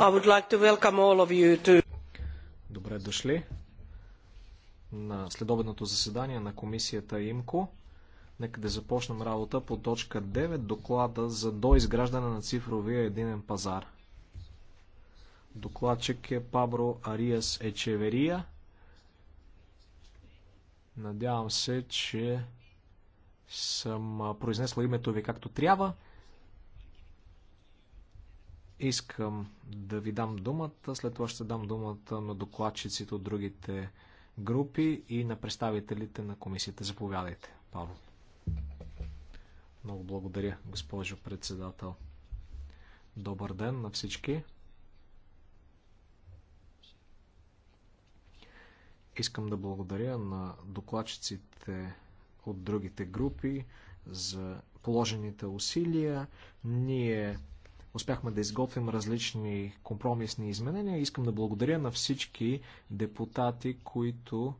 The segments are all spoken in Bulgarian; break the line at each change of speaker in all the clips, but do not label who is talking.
Like to...
Добре дошли на следобедното заседание на комисията ИМКО. Нека да започнем работа по точка 9, доклада за доизграждане на цифровия единен пазар. Докладчик е Пабро Ариас Ечеверия. Надявам се, че съм произнесла името ви както трябва. Искам да ви дам думата, след това ще дам думата на докладчиците от другите групи и на представителите на комисията. Заповядайте, Павло. Много благодаря, госпожо председател. Добър ден на всички. Искам да благодаря на докладчиците от другите групи за положените усилия. Ние успяхме да изготвим различни компромисни изменения. Искам да благодаря на всички депутати, които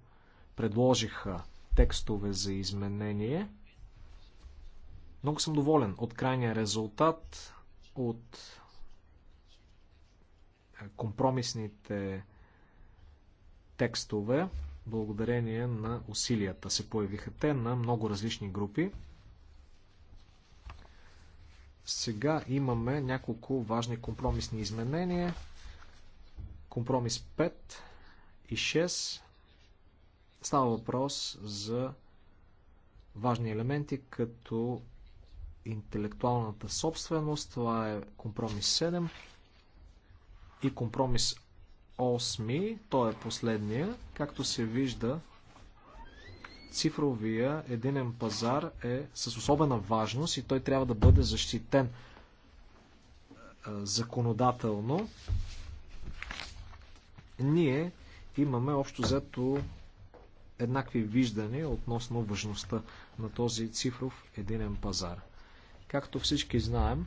предложиха текстове за изменение. Много съм доволен от крайния резултат, от компромисните текстове, благодарение на усилията се появиха те на много различни групи. Сега имаме няколко важни компромисни изменения. Компромис 5 и 6. Става въпрос за важни елементи, като интелектуалната собственост, това е компромис 7 и компромис 8, той е последния. Както се вижда, цифровия единен пазар е с особена важност и той трябва да бъде защитен е, законодателно. Ние имаме общо взето еднакви виждания относно важността на този цифров единен пазар. Както всички знаем,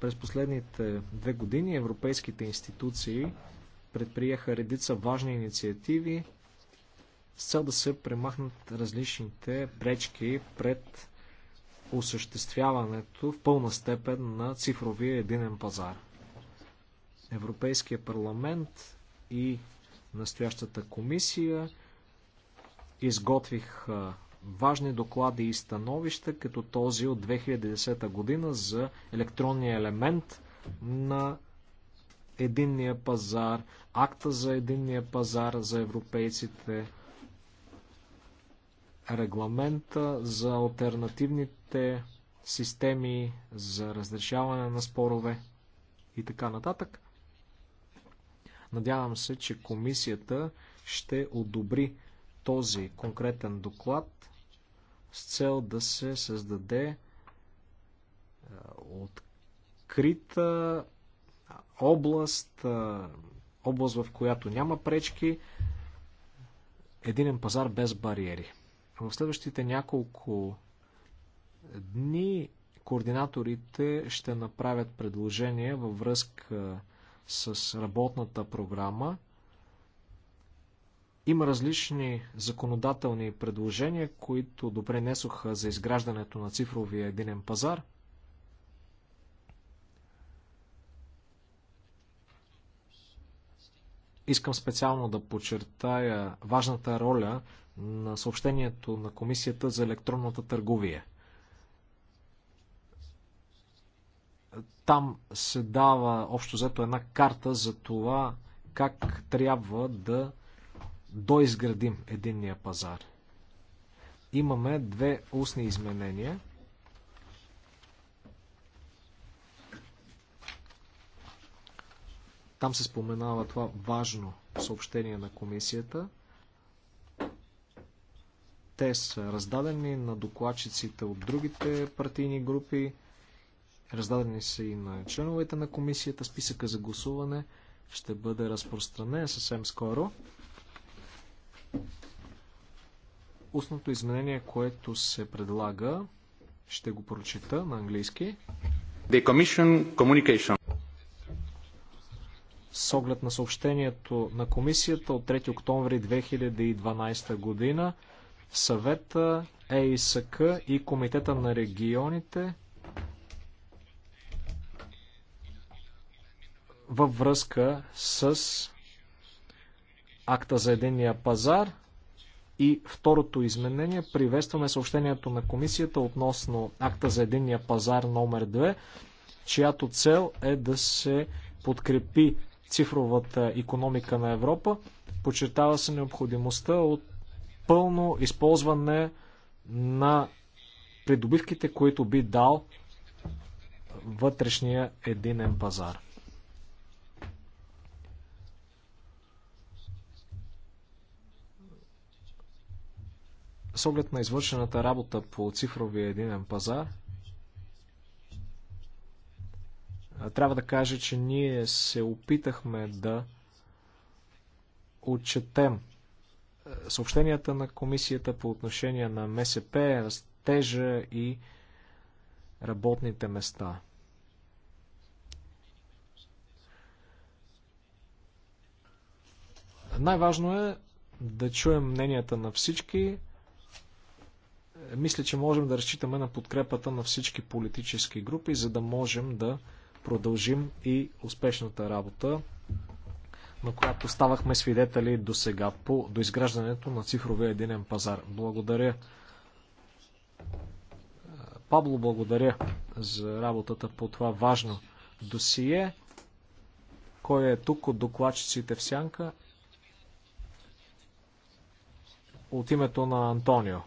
през последните две години европейските институции предприеха редица важни инициативи с цел да се премахнат различните пречки пред осъществяването в пълна степен на цифровия единен пазар. Европейския парламент и настоящата комисия изготвих важни доклади и становища, като този от 2010 година за електронния елемент на единния пазар, акта за единния пазар за европейците, регламента за альтернативните системи за разрешаване на спорове и така нататък. Надявам се, че комисията ще одобри този конкретен доклад с цел да се създаде е, открита област, е, област в която няма пречки, единен пазар без бариери. В следващите няколко дни координаторите ще направят предложения във връзка с работната програма. Има различни законодателни предложения, които допринесоха за изграждането на цифровия единен пазар. Искам специално да подчертая важната роля на съобщението на Комисията за електронната търговия. Там се дава общо взето една карта за това как трябва да доизградим единния пазар. Имаме две устни изменения. Там се споменава това важно съобщение на комисията – те са раздадени на докладчиците от другите партийни групи. Раздадени са и на членовете на комисията. Списъка за гласуване ще бъде разпространен съвсем скоро. Устното изменение, което се предлага, ще го прочита на английски.
The Commission Communication.
С оглед на съобщението на комисията от 3 октомври 2012 година, съвета, ЕИСК и Комитета на регионите във връзка с акта за единния пазар и второто изменение. Приветстваме съобщението на комисията относно акта за единния пазар номер 2, чиято цел е да се подкрепи цифровата економика на Европа. Почертава се необходимостта от пълно използване на придобивките, които би дал вътрешния единен пазар. С оглед на извършената работа по цифровия единен пазар, трябва да кажа, че ние се опитахме да отчетем съобщенията на комисията по отношение на МСП, растежа и работните места. Най-важно е да чуем мненията на всички. Мисля, че можем да разчитаме на подкрепата на всички политически групи, за да можем да продължим и успешната работа на която ставахме свидетели до сега по до изграждането на цифровия единен пазар. Благодаря. Пабло, благодаря за работата по това важно досие. Кой е тук от докладчиците в сянка? От името на Антонио.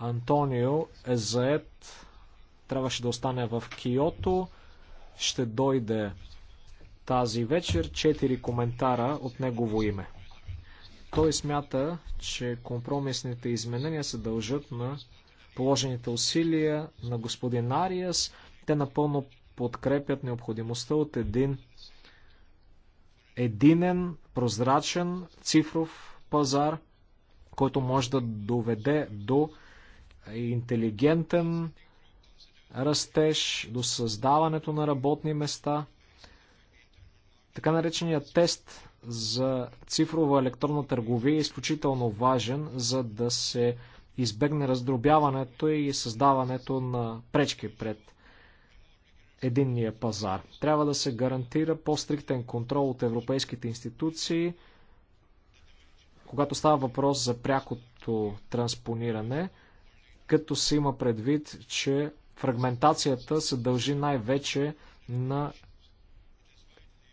Антонио е заед. Трябваше да остане в Киото. Ще дойде тази вечер четири коментара от негово име. Той смята, че компромисните изменения се дължат на положените усилия на господин Ариас. Те напълно подкрепят необходимостта от един единен, прозрачен цифров пазар, който може да доведе до интелигентен растеж, до създаването на работни места. Така нареченият тест за цифрова електронна търговия е изключително важен, за да се избегне раздробяването и създаването на пречки пред единния пазар. Трябва да се гарантира по-стриктен контрол от европейските институции, когато става въпрос за прякото транспониране, като се има предвид, че фрагментацията се дължи най-вече на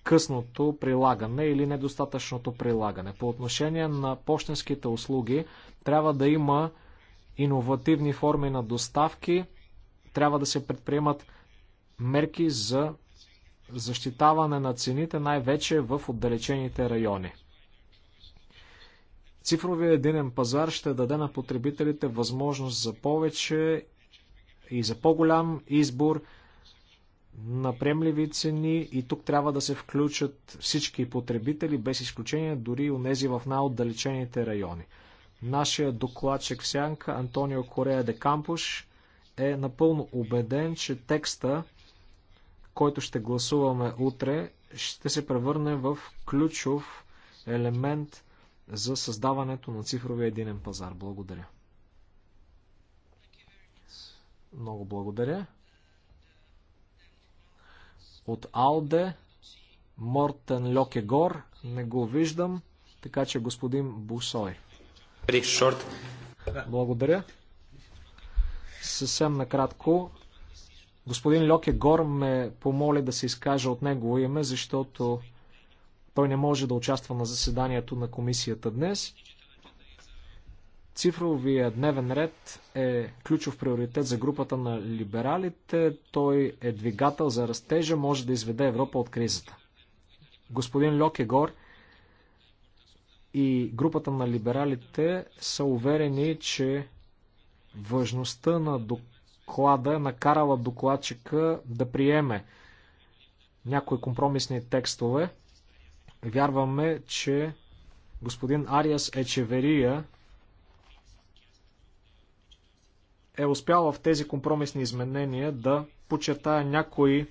късното прилагане или недостатъчното прилагане. По отношение на почтенските услуги, трябва да има иновативни форми на доставки, трябва да се предприемат мерки за защитаване на цените, най-вече в отдалечените райони. Цифровия единен пазар ще даде на потребителите възможност за повече и за по-голям избор, на приемливи цени и тук трябва да се включат всички потребители, без изключение дори и унези в най-отдалечените райони. Нашия докладчик в Сянка, Антонио Корея де Кампуш, е напълно убеден, че текста, който ще гласуваме утре, ще се превърне в ключов елемент за създаването на цифровия единен пазар. Благодаря. Много благодаря от Алде, Мортен Льокегор, не го виждам, така че господин Бусой. Благодаря. Съвсем накратко, господин Льокегор ме помоли да се изкажа от негово име, защото той не може да участва на заседанието на комисията днес. Цифровия дневен ред е ключов приоритет за групата на либералите. Той е двигател за растежа, може да изведе Европа от кризата. Господин Льокегор и групата на либералите са уверени, че важността на доклада е накарала докладчика да приеме някои компромисни текстове. Вярваме, че господин Ариас Ечеверия е успял в тези компромисни изменения да почертая някои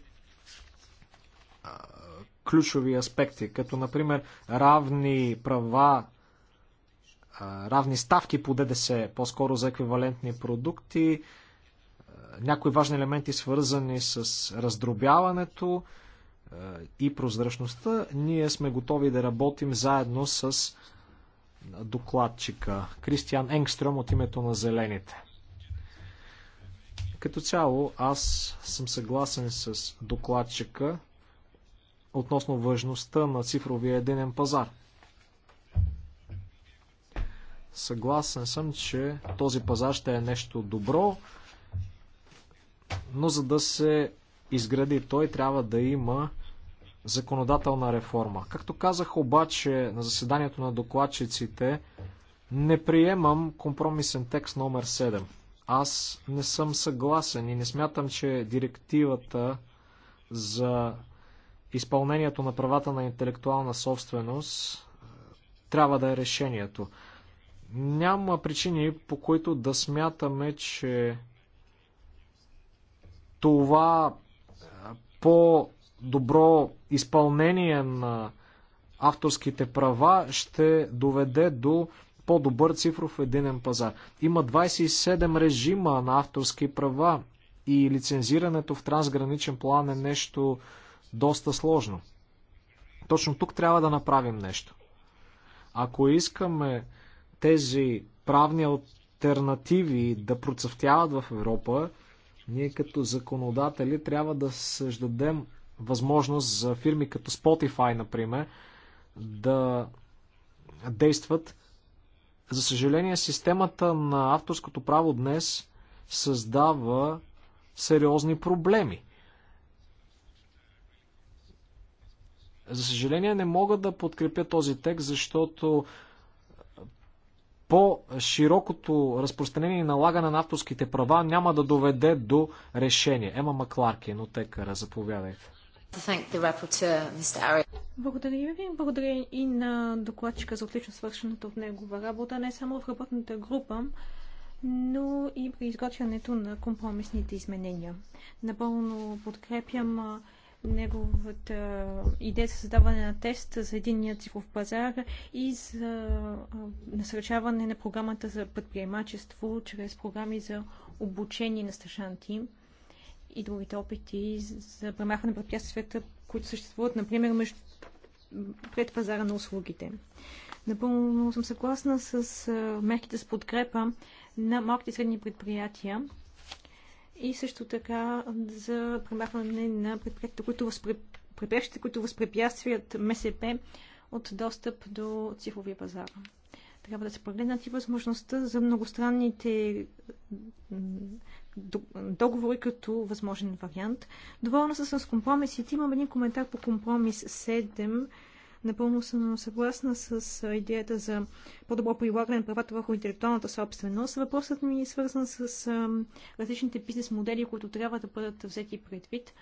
ключови аспекти, като например равни права, равни ставки по ДДС, по-скоро за еквивалентни продукти, някои важни елементи свързани с раздробяването и прозрачността. Ние сме готови да работим заедно с докладчика Кристиан Енгстрем от името на Зелените. Като цяло аз съм съгласен с докладчика относно важността на цифровия единен пазар. Съгласен съм, че този пазар ще е нещо добро, но за да се изгради той, трябва да има законодателна реформа. Както казах обаче на заседанието на докладчиците, не приемам компромисен текст номер 7. Аз не съм съгласен и не смятам, че директивата за изпълнението на правата на интелектуална собственост е, трябва да е решението. Няма причини, по които да смятаме, че това е, по-добро изпълнение на авторските права ще доведе до по-добър цифров единен пазар. Има 27 режима на авторски права и лицензирането в трансграничен план е нещо доста сложно. Точно тук трябва да направим нещо. Ако искаме тези правни альтернативи да процъфтяват в Европа, ние като законодатели трябва да създадем възможност за фирми като Spotify, например, да действат за съжаление, системата на авторското право днес създава сериозни проблеми. За съжаление, не мога да подкрепя този текст, защото по-широкото разпространение и налагане на авторските права няма да доведе до решение. Ема Макларкин от Екара, заповядайте.
Благодаря ви. Благодаря и на докладчика за отлично свършената от негова работа, не само в работната група, но и при изготвянето на компромисните изменения. Напълно подкрепям неговата идея за създаване на тест за единния цифров пазар и за насръчаване на програмата за предприемачество чрез програми за обучение на стъжанти и другите опити за премахване на препятствията, които съществуват, например, между пред пазара на услугите. Напълно съм съгласна с мерките с подкрепа на малките и средни предприятия и също така за премахване на предприятията, които, възпреп... които възпрепятстват МСП от достъп до цифровия пазар. Трябва да се прегледнат и възможността за многостранните договори като възможен вариант. Доволна съм с компромисите. Имам един коментар по компромис 7. Напълно съм съгласна с идеята за по-добро прилагане на правата върху интелектуалната собственост. Въпросът ми е свързан с различните бизнес модели, които трябва да бъдат взети предвид.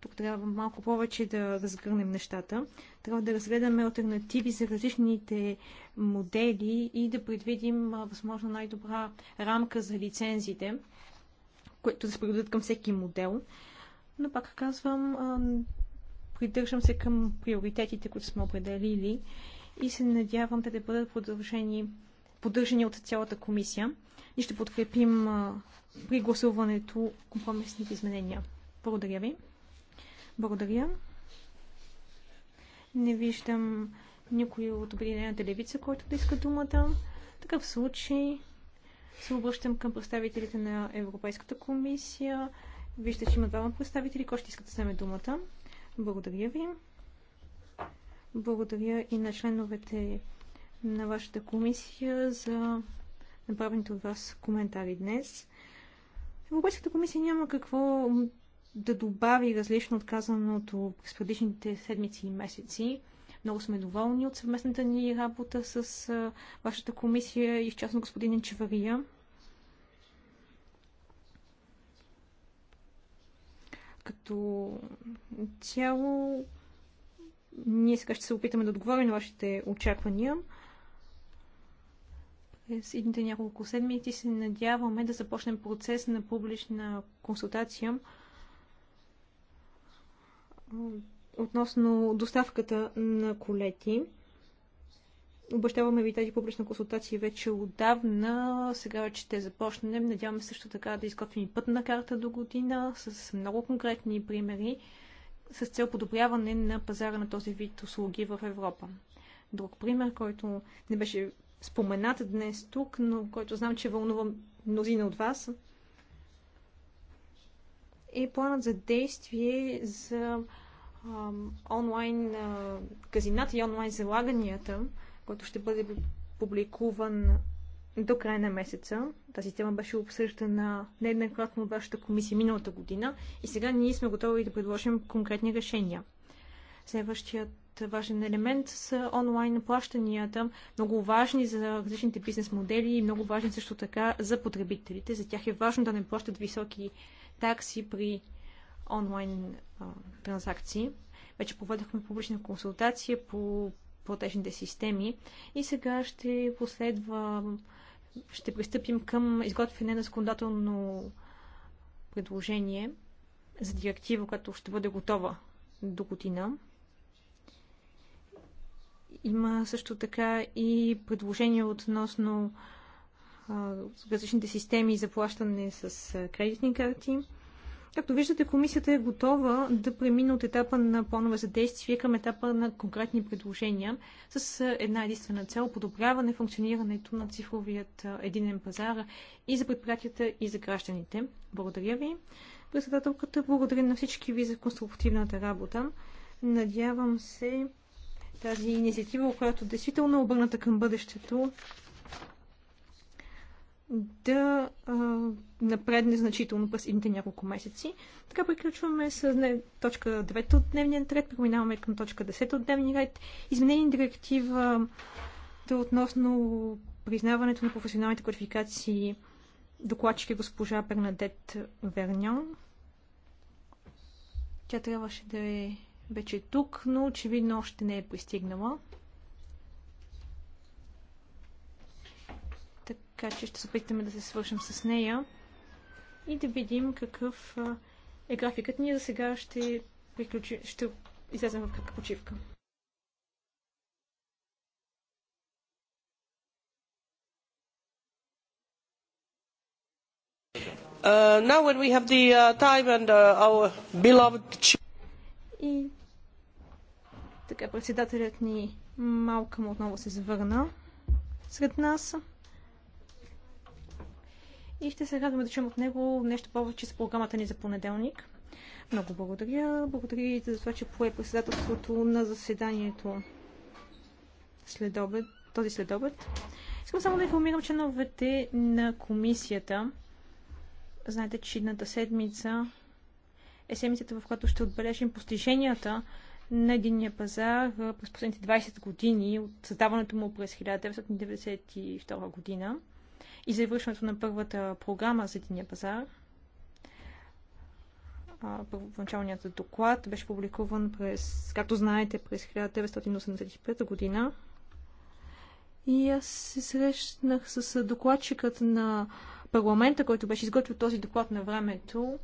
Тук трябва малко повече да разгърнем нещата. Трябва да разгледаме альтернативи за различните модели и да предвидим възможно най-добра рамка за лицензите които да се пригодят към всеки модел. Но пак казвам, придържам се към приоритетите, които сме определили и се надявам те да бъдат продължени, поддържани от цялата комисия. И ще подкрепим при гласуването компромисните изменения. Благодаря ви. Благодаря. Не виждам никой от Обединената левица, който да иска думата. В такъв случай се обръщам към представителите на Европейската комисия. Вижте, че има двама представители. Кой ще иска да вземе думата? Благодаря ви. Благодаря и на членовете на вашата комисия за направените от вас коментари днес. Европейската комисия няма какво да добави различно от казаното през предишните седмици и месеци. Много сме доволни от съвместната ни работа с вашата комисия и в частно господин Чевария. Като цяло, ние сега ще се опитаме да отговорим на вашите очаквания през едните няколко седмици се надяваме да започнем процес на публична консултация относно доставката на колети. Обещаваме ви тази публична консултация вече отдавна. Сега вече ще започнем. Надяваме също така да изготвим и пътна карта до година с много конкретни примери с цел подобряване на пазара на този вид услуги в Европа. Друг пример, който не беше споменат днес тук, но който знам, че вълнува мнозина от вас, е планът за действие за онлайн казината и онлайн залаганията, който ще бъде публикуван до края на месеца. Тази тема беше обсъждана нееднократно от вашата комисия миналата година и сега ние сме готови да предложим конкретни решения. Следващият важен елемент са онлайн плащанията, много важни за различните бизнес модели и много важни също така за потребителите. За тях е важно да не плащат високи такси при онлайн транзакции. Вече проведахме публична консултация по платежните системи и сега ще последва, ще пристъпим към изготвяне на законодателно предложение за директива, която ще бъде готова до година. Има също така и предложение относно различните системи за плащане с кредитни карти. Както виждате, комисията е готова да премине от етапа на планове за действие към етапа на конкретни предложения с една единствена цел – подобряване функционирането на цифровият единен пазар и за предприятията, и за гражданите. Благодаря ви. Председателката, благодаря на всички ви за конструктивната работа. Надявам се тази инициатива, която действително е обърната към бъдещето, да а, напредне значително през едните няколко месеци. Така приключваме с не, точка 9 от дневния ред, преминаваме към точка 10 от дневния ред. Изменени директива да относно признаването на професионалните квалификации докладчик е госпожа Бернадет Вернян. Тя трябваше да е вече тук, но очевидно още не е пристигнала. така че ще се опитаме да се свършим с нея и да видим какъв е графикът. Ние за сега ще, приключи, ще излезем в кратка почивка. Uh, now when we have the uh, time and uh, our beloved И така председателят ни му отново се завърна сред нас и ще се радваме да чуем от него нещо повече с програмата ни за понеделник. Много благодаря. Благодаря и за това, че пое председателството на заседанието след обед, този обед. Искам само да информирам членовете на комисията. Знаете, че едната седмица е седмицата, в която ще отбележим постиженията на единния пазар през последните 20 години от създаването му през 1992 година и завършването на първата програма за единия пазар. Първоначалният доклад беше публикуван през, както знаете, през 1985 година. И аз се срещнах с докладчикът на парламента, който беше изготвил този доклад на времето.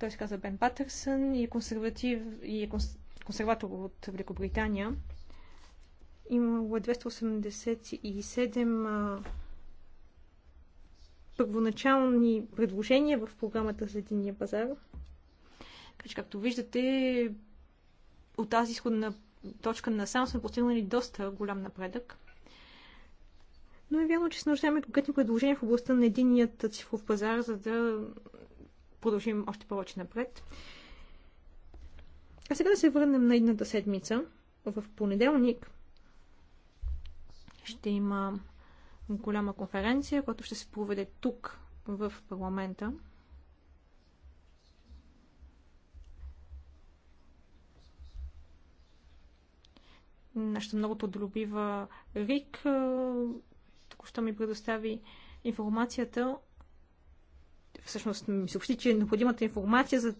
Той се каза Бен Патърсън и е, консерватив, и е конс... консерватор от Великобритания. Имало 287 е първоначални предложения в програмата за единния пазар. Така както виждате, от тази изходна точка на сам сме постигнали доста голям напредък. Но е вярно, че се нуждаем конкретни предложения в областта на единият цифров пазар, за да продължим още повече напред. А сега да се върнем на едната седмица. В понеделник ще има голяма конференция, която ще се проведе тук в парламента. Нашата много трудолюбива Рик е, току-що ми предостави информацията. Всъщност ми съобщи, че необходимата информация за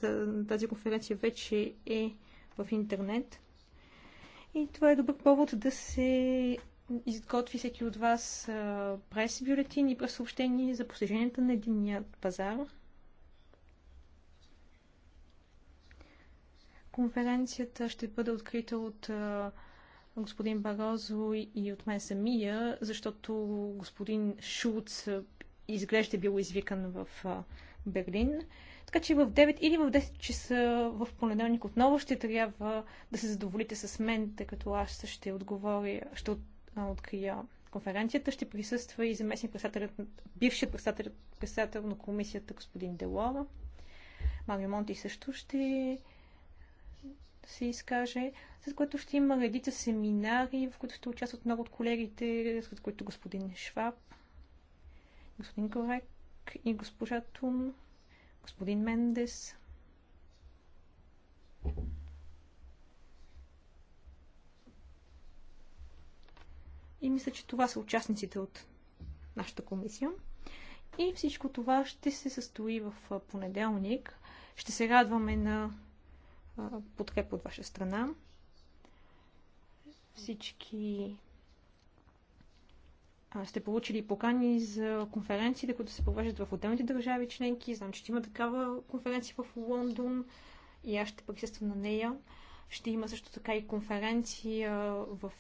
тази конференция вече е в интернет. И това е добър повод да се изготви всеки от вас прес бюлетин и през за постиженията на единия пазар. Конференцията ще бъде открита от господин Барозо и от мен самия, защото господин Шулц изглежда бил извикан в Берлин. Така че в 9 или в 10 часа в понеделник отново ще трябва да се задоволите с мен, тъй като аз ще отговоря, ще открия конференцията. Ще присъства и заместник председателят, бившият председател, председател на комисията господин Делова, Марио Монти също ще се изкаже, след което ще има редица семинари, в които ще участват много от колегите, с които господин Шваб, господин Корек и госпожа Тун, господин Мендес. И мисля, че това са участниците от нашата комисия. И всичко това ще се състои в понеделник. Ще се радваме на подкреп от ваша страна. Всички сте получили покани за конференциите, които се провеждат в отделните държави членки. Знам, че има такава конференция в Лондон и аз ще присъствам на нея. Ще има също така и конференция в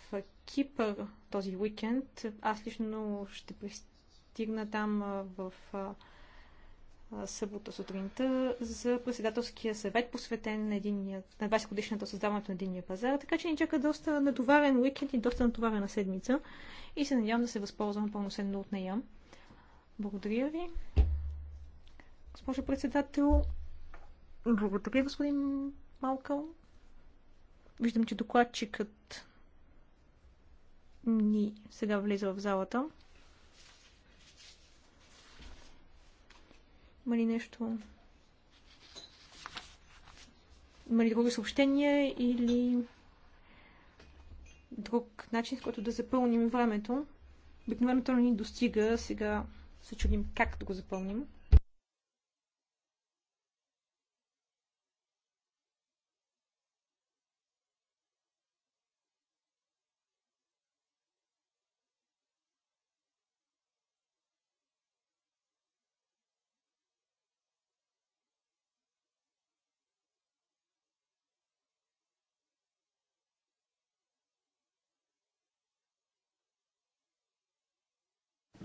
Кипър този уикенд. Аз лично ще пристигна там в събота сутринта за председателския съвет, посветен на, единия, на 20 годишната създаването на единния пазар. Така че ни чака доста натоварен уикенд и доста натоварена седмица и се надявам да се възползвам пълноценно от нея. Благодаря ви. Госпожо председател, благодаря господин Малкъл. Виждам, че докладчикът ни сега влиза в залата. Има ли нещо? Има ли други съобщения или друг начин, с който да запълним времето? Обикновено то не ни достига, сега се чудим как да го запълним.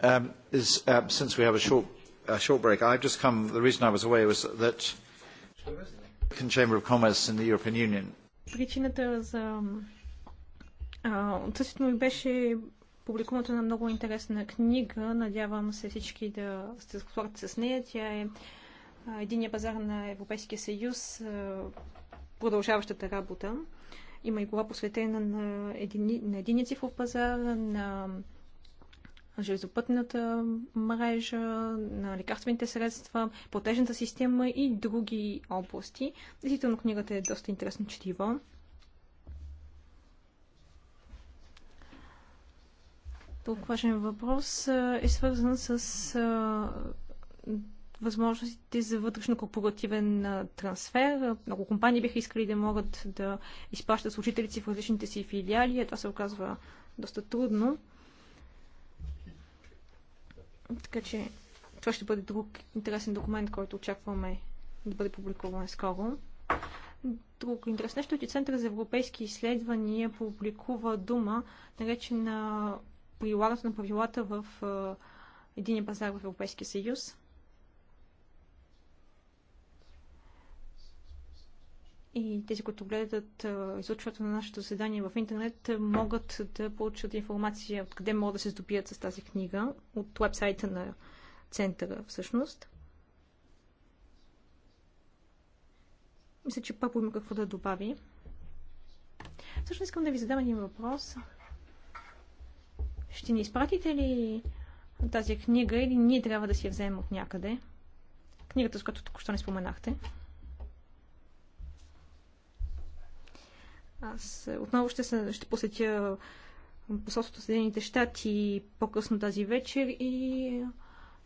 Um, is, uh, since we have a short, a short break, I've just come, the reason I was away was that the Chamber of Commerce in the European Union.
Причината за А, отсъствието ми беше публикуването на много интересна книга. Надявам се всички да сте разговорят с нея. Тя е Единия пазар на Европейския съюз, продължаващата работа. Има и глава посветена на, едини, на единия цифров пазар, на железопътната мрежа, на лекарствените средства, платежната система и други области. Действително книгата е доста интересно четива. Тук важен въпрос е свързан с възможностите за вътрешно-корпоративен трансфер. Много компании биха искали да могат да изплащат служителици в различните си филиали, а това се оказва доста трудно. Така че това ще бъде друг интересен документ, който очакваме да бъде публикуван скоро. Друго интересно нещо е, че Център за европейски изследвания публикува дума, наречена прилагането на правилата в единия пазар в Европейския съюз. и тези, които гледат излъчването на нашето заседание в интернет, могат да получат информация откъде могат да се здобият с тази книга, от вебсайта на центъра всъщност. Мисля, че папо има какво да добави. Всъщност искам да ви задам един въпрос. Ще ни изпратите ли тази книга или ние трябва да си я вземем от някъде? Книгата, с която току-що не споменахте. Аз е, отново ще, се, ще посетя е, посолството Съединените щати по-късно тази вечер и е,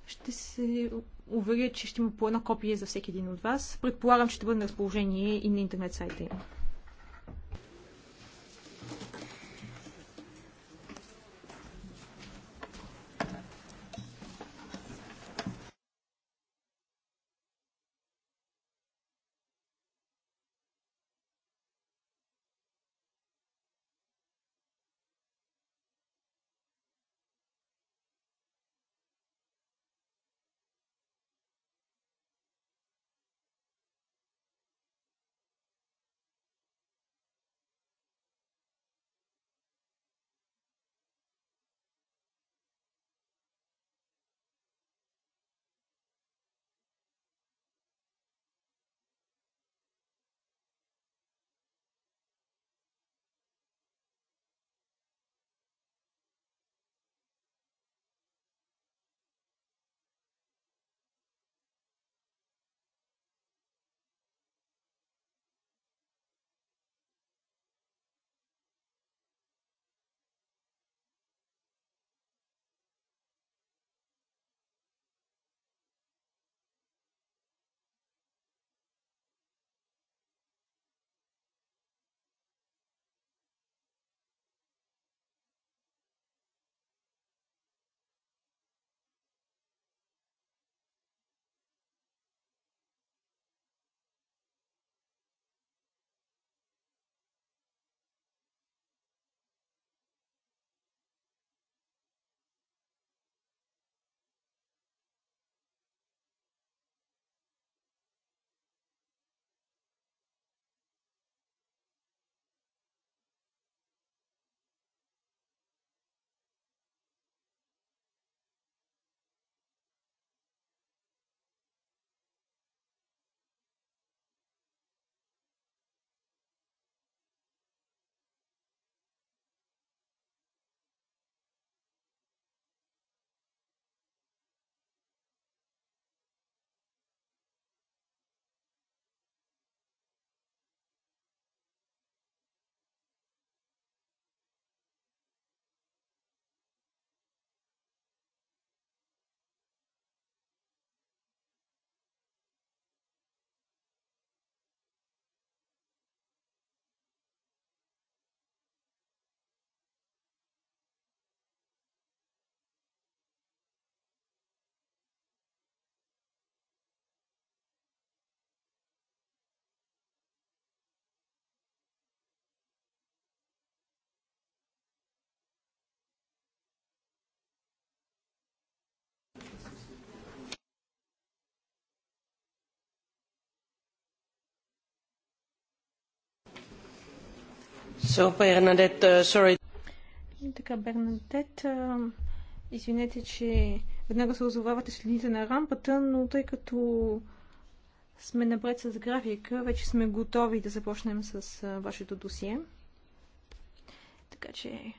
ще се уверя, че ще има по едно копие за всеки един от вас. Предполагам, че ще бъде на разположение и на интернет сайта им. So, Bernadette, uh, sorry. така, Бернадет, извинете, че веднага се озовавате следите на рампата, но тъй като сме напред с графика, вече сме готови да започнем с вашето досие. Така че,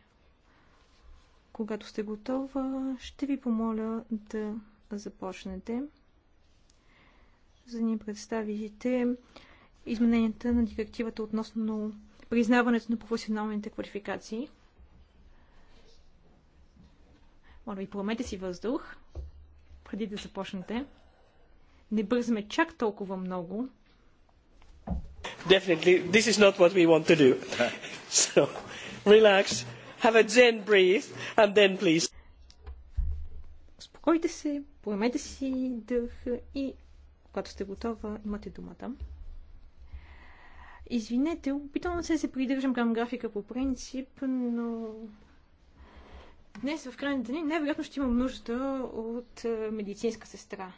когато сте готова, ще ви помоля да започнете, за да ни представите измененията на директивата относно признаването на професионалните квалификации. Моля ви, поемете си въздух, преди да започнете. Не бързаме чак толкова много.
Definitely, this is not what we want to do. So,
relax, have a zen breathe, and then please. Успокойте се, поемете си дъх и когато сте готова, имате думата. Извинете, опитвам се да се придържам към графика по принцип, но днес в крайни дни най-вероятно ще имам нужда от е, медицинска сестра.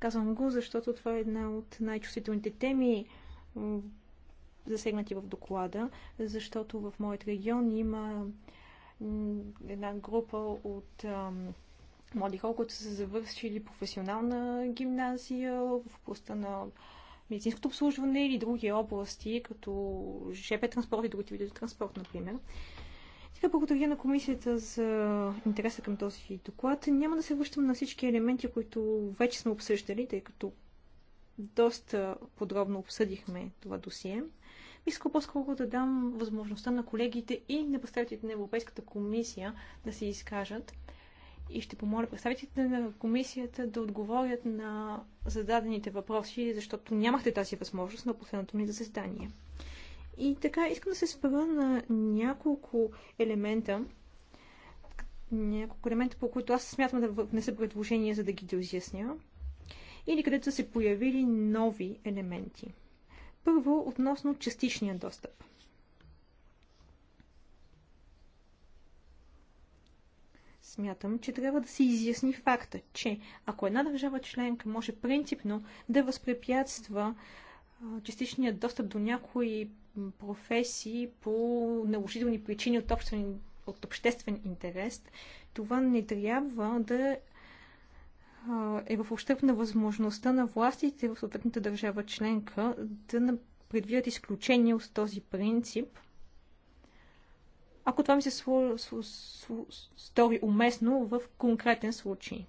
Казвам го, защото това е една от най-чувствителните теми, засегнати в доклада, защото в моят регион има една група от млади хора, които са завършили професионална гимназия в областта на медицинското обслужване или други области, като ЖП транспорт и другите видове транспорт, например. Така, благодаря на комисията за интереса към този доклад. Няма да се връщам на всички елементи, които вече сме обсъждали, тъй като доста подробно обсъдихме това досие. Искам по-скоро да дам възможността на колегите и на представителите на Европейската комисия да се изкажат, и ще помоля представителите на комисията да отговорят на зададените въпроси, защото нямахте тази възможност на последното ни заседание. И така, искам да се спра на няколко елемента, няколко елемента, по които аз смятам да внеса предложения, за да ги доизясня, или където са се появили нови елементи. Първо, относно частичния достъп. Смятам, че трябва да се изясни факта, че ако една държава членка може принципно да възпрепятства частичният достъп до някои професии по наложителни причини от обществен, от обществен интерес, това не трябва да е в ущърп на възможността на властите в съответната държава членка да предвидят изключение от този принцип – ако това ми се стори уместно в конкретен случай.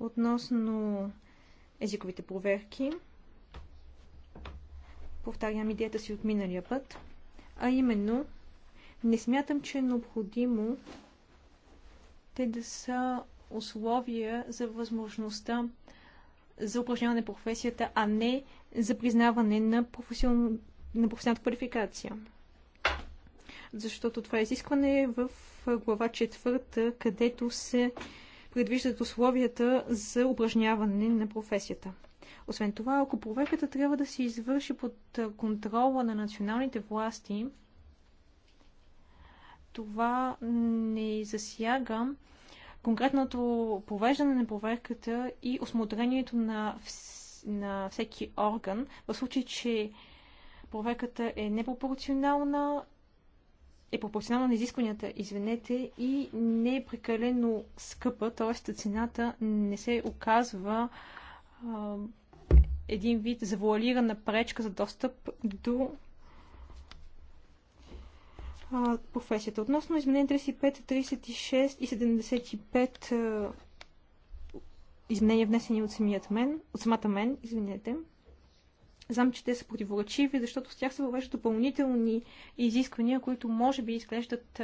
Относно езиковите проверки, повтарям идеята си от миналия път, а именно не смятам, че е необходимо те да са условия за възможността за упражняване на професията, а не за признаване на, професион... на професионалната квалификация защото това е изискване в глава четвърта, където се предвиждат условията за упражняване на професията. Освен това, ако проверката трябва да се извърши под контрола на националните власти, това не засяга конкретното провеждане на проверката и осмотрението на, вс... на всеки орган, в случай, че проверката е непропорционална е пропорционална на изискванията, извинете, и не е прекалено скъпа, т.е. цената не се оказва а, един вид завуалирана пречка за достъп до а, професията. Относно изменение 35, 36 и 75 а, изменения внесени от, самият мен, от самата мен, извинете, Знам, че те са противоречиви, защото с тях се въвеждат допълнителни изисквания, които може би изглеждат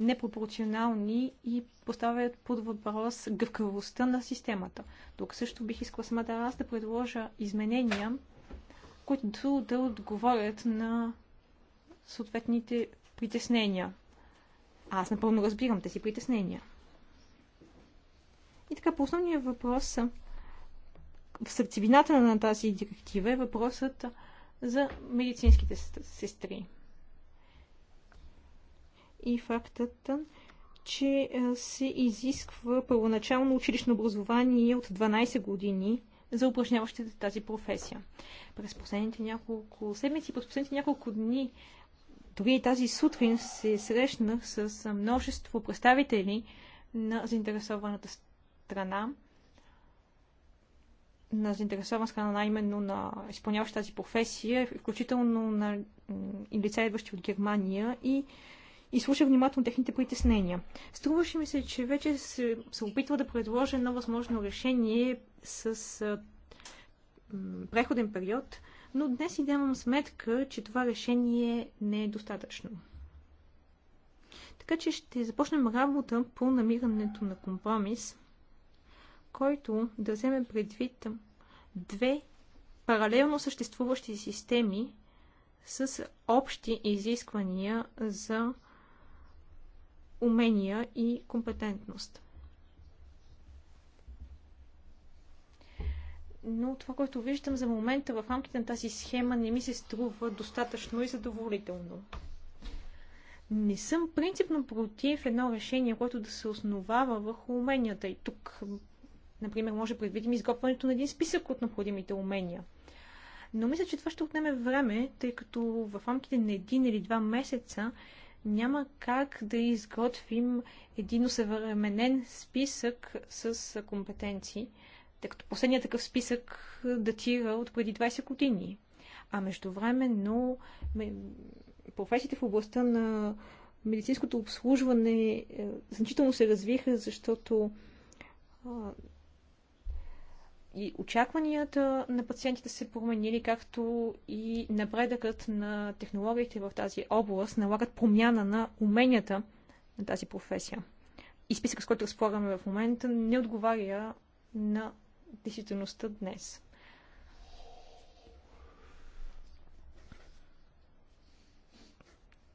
непропорционални и поставят под въпрос гъвкавостта на системата. Тук също бих искала самата аз да предложа изменения, които да отговорят на съответните притеснения. Аз напълно разбирам тези притеснения. И така, по основния въпрос в сърцевината на тази директива е въпросът за медицинските сестри. И фактът, че се изисква първоначално училищно образование от 12 години за упражняващите тази професия. През последните няколко седмици, през последните няколко дни, дори и тази сутрин се срещнах с множество представители на заинтересованата страна, на заинтересована страна, именно на изпълняваща тази професия, включително на лица, идващи от Германия и и слушах внимателно техните притеснения. Струваше ми се, че вече се, се опитва да предложа едно възможно решение с а, м, преходен период, но днес си давам сметка, че това решение не е достатъчно. Така че ще започнем работа по намирането на компромис – който да вземе предвид две паралелно съществуващи системи с общи изисквания за умения и компетентност. но това, което виждам за момента в рамките на тази схема не ми се струва достатъчно и задоволително. Не съм принципно против едно решение, което да се основава върху уменията. И тук Например, може да предвидим изготвянето на един списък от необходимите умения. Но мисля, че това ще отнеме време, тъй като в рамките на един или два месеца няма как да изготвим един усъвременен списък с компетенции, тъй като последният такъв списък датира от преди 20 години. А междувременно професиите в областта на медицинското обслужване е, значително се развиха, защото и очакванията на пациентите се променили, както и напредъкът на технологиите в тази област налагат промяна на уменията на тази професия. И списъкът, с който разполагаме в момента, не отговаря на действителността днес.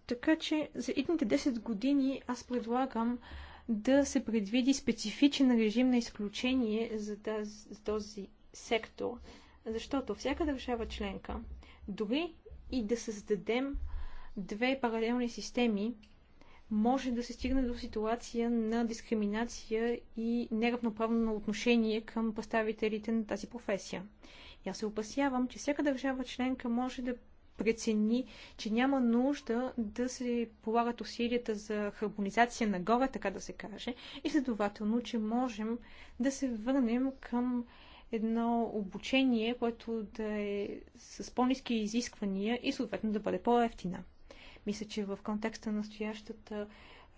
Така че за идните 10 години аз предлагам да се предвиди специфичен режим на изключение за, този сектор. Защото всяка държава членка, дори и да създадем две паралелни системи, може да се стигне до ситуация на дискриминация и неравноправно отношение към представителите на тази професия. И аз се опасявам, че всяка държава членка може да прецени, че няма нужда да се полагат усилията за хармонизация нагоре, така да се каже, и следователно, че можем да се върнем към едно обучение, което да е с по-низки изисквания и съответно да бъде по-ефтина. Мисля, че в контекста на настоящата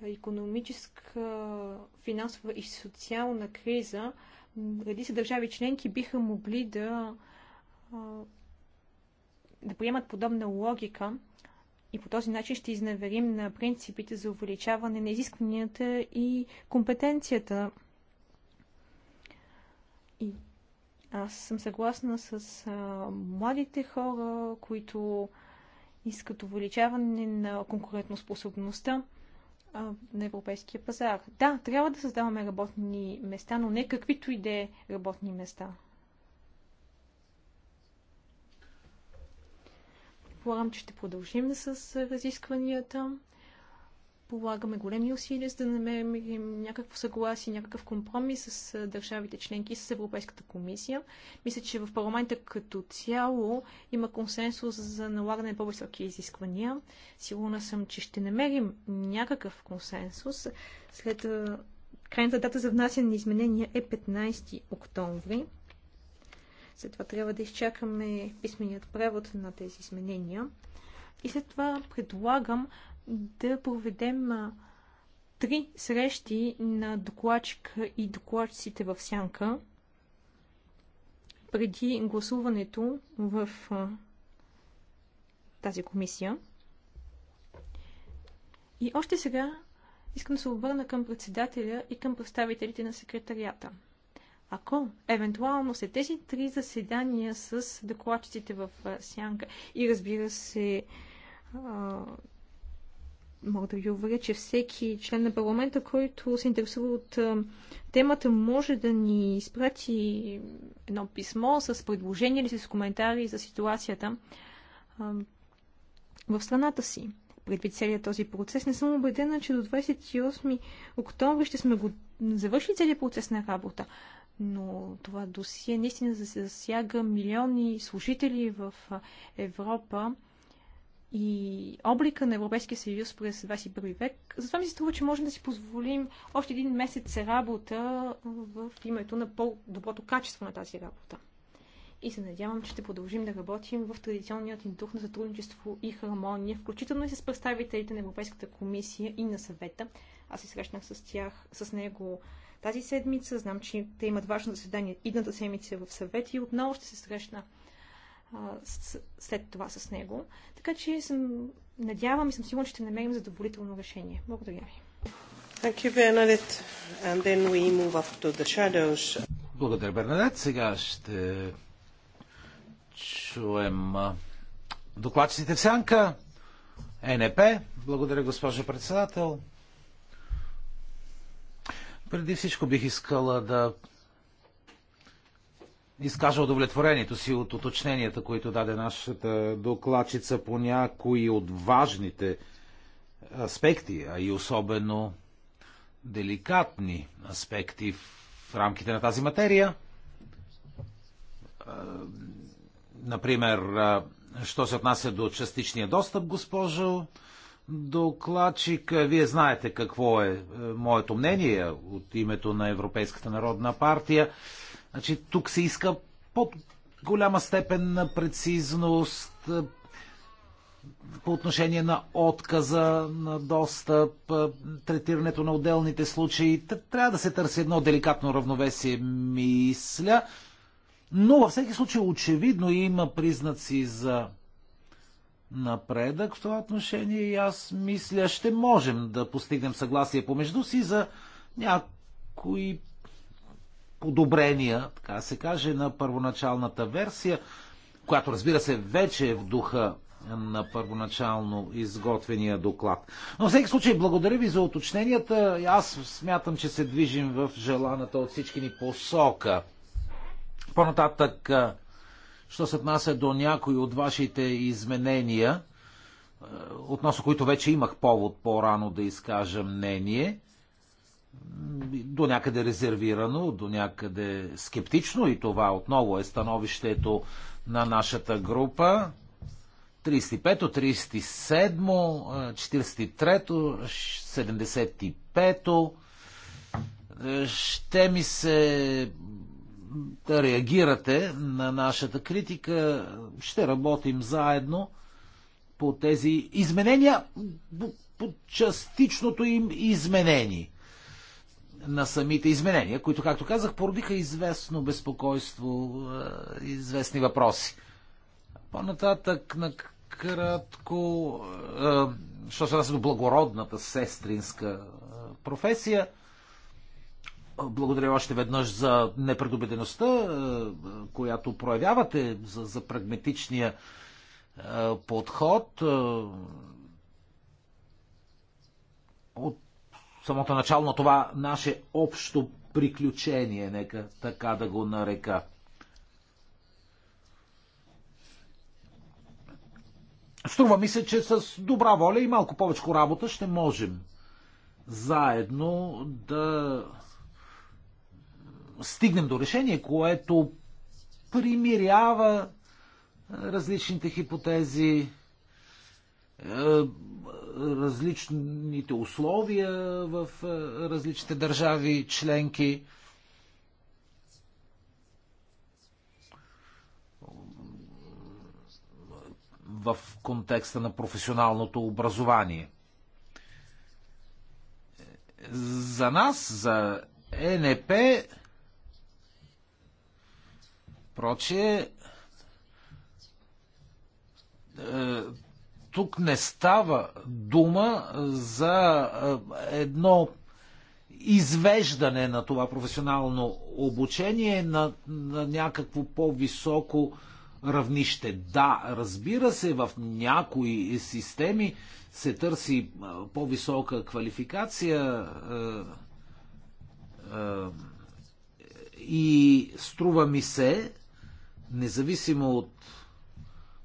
економическа, финансова и социална криза, ради се държави членки биха могли да да приемат подобна логика и по този начин ще изневерим на принципите за увеличаване на изискванията и компетенцията. И аз съм съгласна с а, младите хора, които искат увеличаване на конкурентоспособността на европейския пазар. Да, трябва да създаваме работни места, но не каквито и да е работни места. Предполагам, че ще продължим с разискванията. Полагаме големи усилия, за да намерим някакво съгласие, някакъв компромис с държавите членки, с Европейската комисия. Мисля, че в парламента като цяло има консенсус за налагане на по-високи изисквания. Сигурна съм, че ще намерим някакъв консенсус след Крайната дата за внасяне на изменения е 15 октомври. След това трябва да изчакаме писменият превод на тези изменения. И след това предлагам да проведем три срещи на докладчика и докладчиците в сянка преди гласуването в тази комисия. И още сега искам да се обърна към председателя и към представителите на секретарията – ако евентуално след тези три заседания с докладчиците в Сянка и разбира се, а, мога да ви уверя, че всеки член на парламента, който се интересува от а, темата, може да ни изпрати едно писмо с предложения или с коментари за ситуацията а, в страната си. Предвид целият този процес, не съм убедена, че до 28 октомври ще сме го завършили целият процес на работа но това досие наистина засяга милиони служители в Европа и облика на Европейския съюз през 21 век. Затова ми се струва, че можем да си позволим още един месец работа в името на по-доброто качество на тази работа. И се надявам, че ще продължим да работим в традиционният ни дух на сътрудничество и хармония, включително и с представителите на Европейската комисия и на съвета. Аз се срещнах с тях, с него тази седмица. Знам, че те имат важно заседание идната седмица в съвет и отново ще се срещна а, с, след това с него. Така че съм, надявам и съм сигурна, че ще намерим задоволително решение. Благодаря ви.
Благодаря, Бернадет. Сега ще чуем докладчиците в сянка. Е, НП. Благодаря, госпожо председател. Преди всичко бих искала да изкажа удовлетворението си от уточненията, които даде нашата докладчица по някои от важните аспекти, а и особено деликатни аспекти в рамките на тази материя. Например, що се отнася до частичния достъп, госпожо докладчик. Вие знаете какво е, е моето мнение от името на Европейската народна партия. Значи, тук се иска под голяма степен на прецизност е, по отношение на отказа на достъп, е, третирането на отделните случаи. Трябва да се търси едно деликатно равновесие, мисля. Но във всеки случай очевидно има признаци за напредък в това отношение и аз мисля, ще можем да постигнем съгласие помежду си за някои подобрения, така се каже, на първоначалната версия, която разбира се вече е в духа на първоначално изготвения доклад. Но в всеки случай, благодаря ви за уточненията. Аз смятам, че се движим в желаната от всички ни посока. По-нататък Що се отнася до някои от вашите изменения, е, относно които вече имах повод по-рано да изкажа мнение, до някъде резервирано, до някъде скептично и това отново е становището на нашата група. 35-то, 37-то, 43-то, 75-то. Ще ми се да реагирате на нашата критика. Ще работим заедно по тези изменения, по частичното им изменение на самите изменения, които, както казах, породиха известно безпокойство, е, известни въпроси. По-нататък, накратко, е, що се отнася до благородната сестринска е, професия, благодаря още веднъж за непредобедеността, е, която проявявате, за, за прагматичния е, подход. Е, от самото начало на това наше общо приключение, нека така да го нарека. Струва ми се, че с добра воля и малко повече работа ще можем заедно да стигнем до решение, което примирява е, различните хипотези, е, различните условия в е, различните държави членки. в контекста на професионалното образование. За нас, за ЕНП, Прочие, е, тук не става дума за е, едно извеждане на това професионално обучение на, на някакво по-високо равнище. Да, разбира се, в някои системи се търси е, по-висока квалификация и струва ми се, независимо от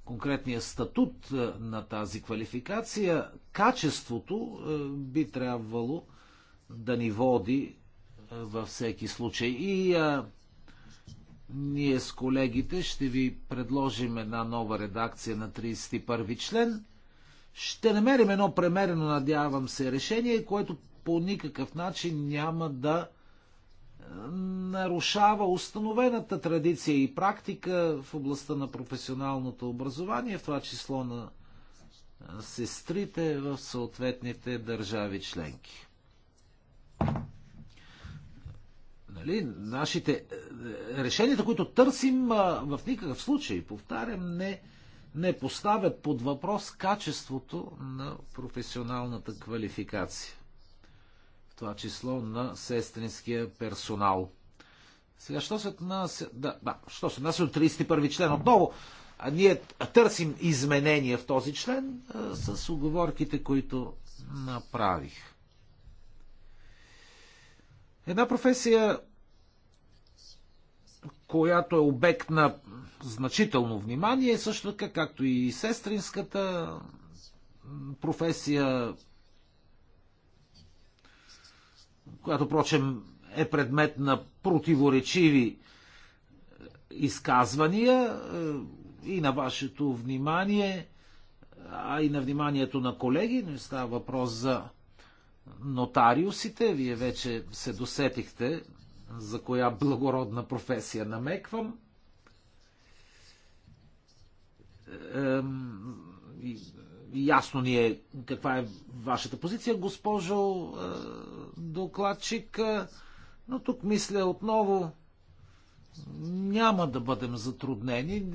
конкретния статут е, на тази квалификация, качеството е, би трябвало да ни води е, във всеки случай. И а, ние с колегите ще ви предложим една нова редакция на 31 член. Ще намерим едно премерено, надявам се, решение, което по никакъв начин няма да нарушава установената традиция и практика в областта на професионалното образование, в това число на сестрите в съответните държави членки. Нали, нашите е, е, решенията, които търсим, в никакъв случай, повтарям, не, не поставят под въпрос качеството на професионалната квалификация това число на сестринския персонал. Сега, що се отнася, да, да, що се отнася от 31 член отново, а ние търсим изменения в този член а, с оговорките, които направих. Една професия, която е обект на значително внимание, е също така както и сестринската професия, която, прочем, е предмет на противоречиви е, изказвания е, и на вашето внимание, а и на вниманието на колеги. Не става въпрос за нотариусите. Вие вече се досетихте за коя благородна професия намеквам ясно ни е каква е вашата позиция, госпожо е, докладчик, е, но тук мисля отново няма да бъдем затруднени.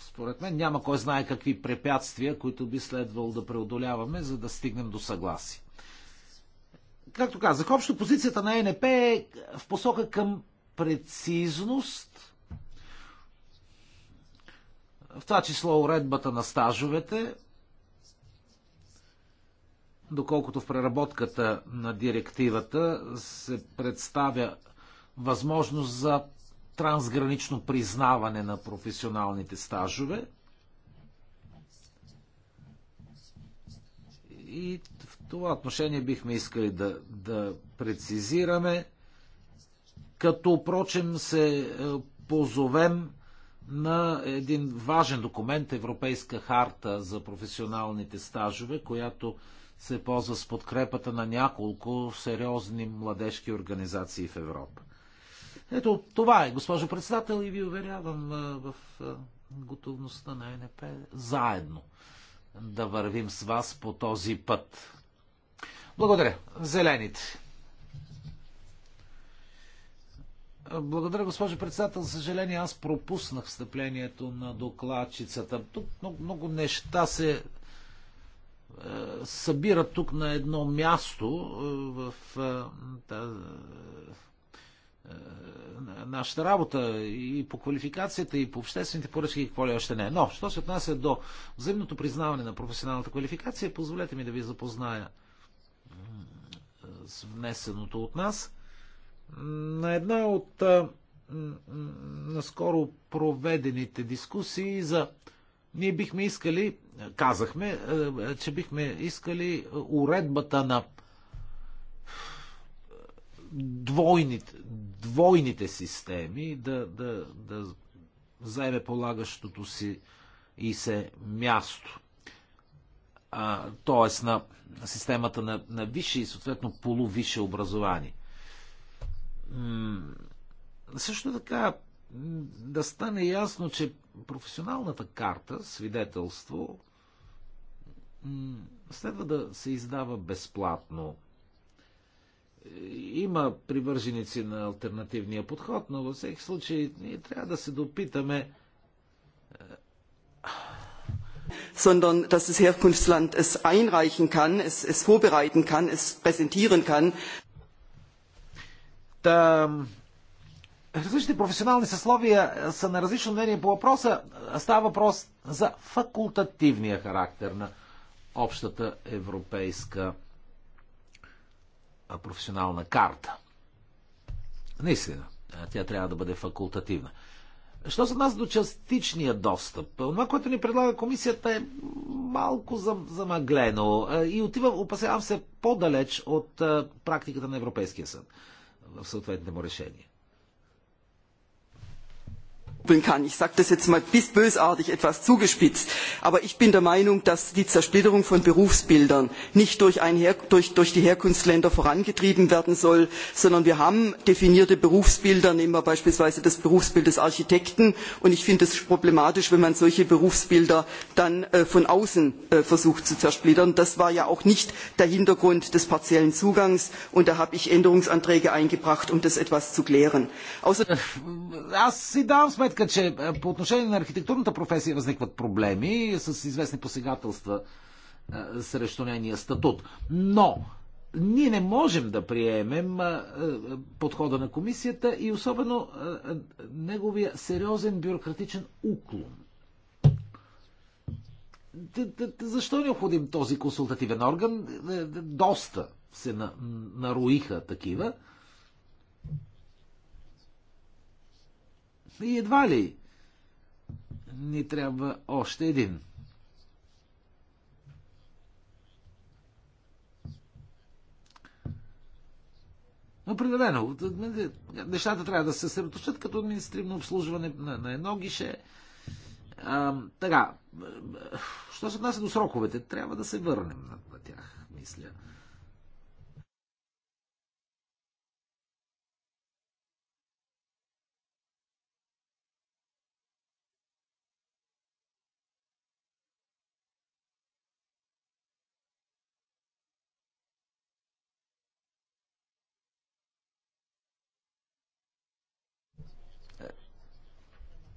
Според мен няма кой знае какви препятствия, които би следвало да преодоляваме, за да стигнем до съгласие. Както казах, общо позицията на ЕНП е в посока към прецизност, в това число уредбата на стажовете, доколкото в преработката на директивата се представя възможност за трансгранично признаване на професионалните стажове. И в това отношение бихме искали да, да прецизираме, като прочим се е, позовем на един важен документ Европейска харта за професионалните стажове, която се ползва с подкрепата на няколко сериозни младежки организации в Европа. Ето, това е, госпожо председател, и ви уверявам в готовността на НП заедно да вървим с вас по този път. Благодаря. Зелените. Благодаря, госпожо председател. съжаление, аз пропуснах встъплението на докладчицата. Тук много, много неща се е, събира тук на едно място е, в е, нашата работа и по квалификацията, и по обществените поръчки, и какво ли още не. Но, що се отнася до взаимното признаване на професионалната квалификация, позволете ми да ви запозная с внесеното от нас. На една от наскоро проведените дискусии за ние бихме искали, казахме, е, е, че бихме искали уредбата на двойните, двойните системи да, да, да заеме полагащото си и се място. Т.е. на системата на, на висше и съответно полувисше образование. М- също така да стане ясно, че професионалната карта, свидетелство, следва да се издава безплатно. Има привърженици на альтернативния подход, но във всеки случай ние трябва да се допитаме sondern dass das Herkunftsland es einreichen kann, es, es vorbereiten kann, es präsentieren kann. Da, различните професионални съсловия е, са на различно мнение по въпроса. Става въпрос за факултативния характер на общата европейска професионална карта. Наистина, е, тя трябва да бъде факултативна. Що за нас до частичния достъп? Това, което ни предлага комисията е малко замъглено е, и отива, опасявам се, по-далеч от практиката на Европейския съд в съответните му решения kann. Ich sage das jetzt mal bis bösartig etwas zugespitzt. Aber ich bin der Meinung, dass die
Zersplitterung von Berufsbildern nicht durch, die Herkunftsländer vorangetrieben werden soll, sondern wir haben definierte Berufsbilder, nehmen wir beispielsweise das Berufsbild des Architekten. Und ich finde es problematisch, wenn man solche Berufsbilder dann von außen versucht zu zersplittern. Das war ja auch nicht der Hintergrund des partiellen Zugangs. Und da habe ich
Änderungsanträge eingebracht, um das etwas zu klären. Außer сметка, че по отношение на архитектурната професия възникват проблеми с известни посегателства срещу нейния статут. Но ние не можем да приемем подхода на комисията и особено неговия сериозен бюрократичен уклон. Защо е необходим този консултативен орган? Е, е, доста се наруиха такива. И едва ли ни трябва още един. Определено, нещата трябва да се съсредоточат като административно обслужване на, на едно гише. А, така, що се отнася до сроковете, трябва да се върнем на, на тях, мисля.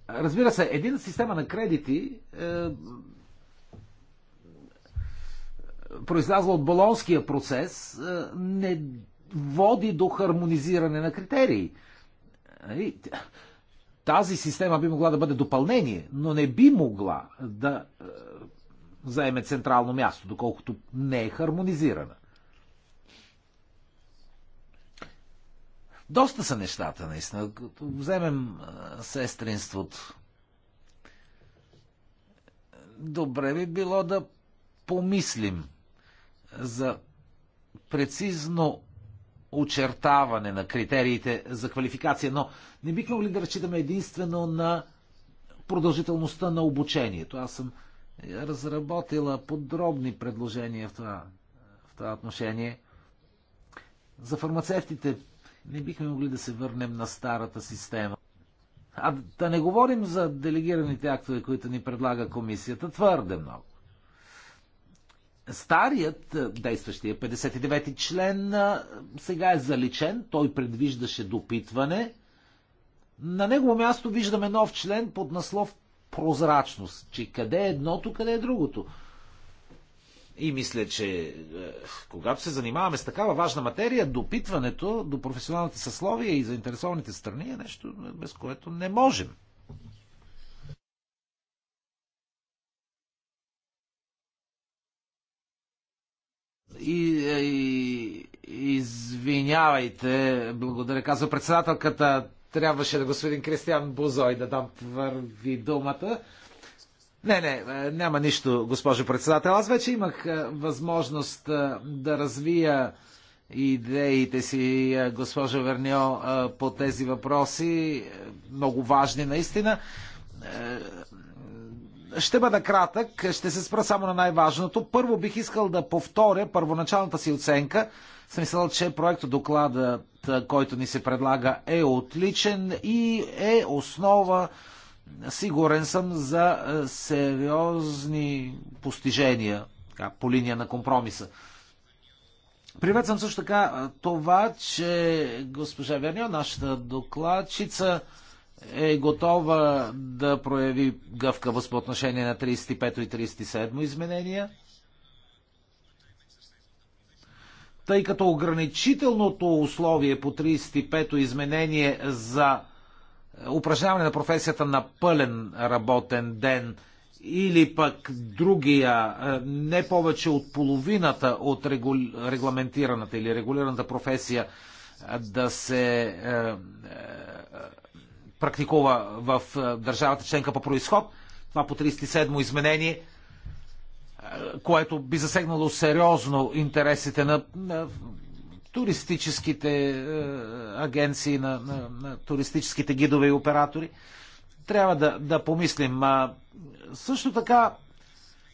Разбира се, един система на кредити е, произлязла от болонския процес е, не води до хармонизиране на критерии. Нали, тази система би могла да бъде допълнение, но не би могла да е, заеме централно място, доколкото не е хармонизирана. Доста са нещата, наистина. Като вземем сестринството, добре би било да помислим за прецизно очертаване на критериите за квалификация, но не бихме могли да разчитаме единствено на продължителността на обучението. Аз съм разработила подробни предложения в това, в това отношение. За фармацевтите не бихме могли да се върнем на старата система. А да не говорим за делегираните актове, които ни предлага комисията, твърде много. Старият, е, действащия 59-ти член, е, сега е заличен. Той предвиждаше допитване. На негово място виждаме нов член под наслов прозрачност. Че къде е едното, къде е другото. И мисля, че е, когато се занимаваме с такава важна материя, допитването до професионалните съсловия и заинтересованите страни е нещо, без което не можем. И, е, и, извинявайте, благодаря, казва председателката. Трябваше да господин Кристиан Бузой да дам първи думата. Не, не, е, няма нищо, госпожо председател. Аз вече имах е, възможност е, да развия идеите си, госпожо Верньо, по тези въпроси. Много важни, наистина. Ще бъда кратък, ще се спра само на най-важното. Първо бих искал да повторя първоначалната си оценка, смисъл, че докладът, който ни се предлага, е отличен и е основа сигурен съм за е, сериозни постижения така, по линия на компромиса. Приветствам също така е, това, че госпожа Верньо, нашата докладчица, е готова да прояви гъвкавост по отношение на 35 и 37 изменения. Тъй като ограничителното условие по 35-то изменение за упражняване на професията на пълен работен ден или пък другия, е, не повече от половината от регламентираната или регулираната професия е, да се е, практикува в държавата членка по происход. Това по 37-о изменение, което би засегнало сериозно интересите на туристическите е, агенции, на, на, на туристическите гидове и оператори. Трябва да, да помислим. А, също така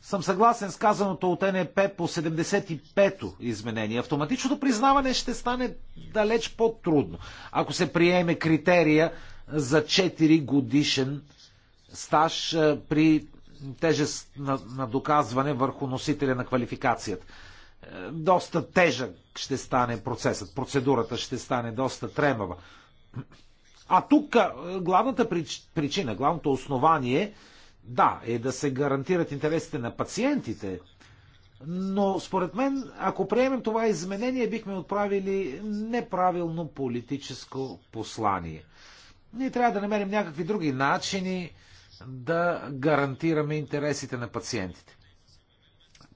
съм съгласен с казаното от НЕП по 75-то изменение. Автоматичното признаване ще стане далеч по-трудно, ако се приеме критерия за 4 годишен стаж е, при тежест на, на доказване върху носителя на квалификацията доста тежък ще стане процесът, процедурата ще стане доста тремава. А тук главната причина, главното основание, да, е да се гарантират интересите на пациентите, но според мен, ако приемем това изменение, бихме отправили неправилно политическо послание. Ние трябва да намерим някакви други начини да гарантираме интересите на пациентите.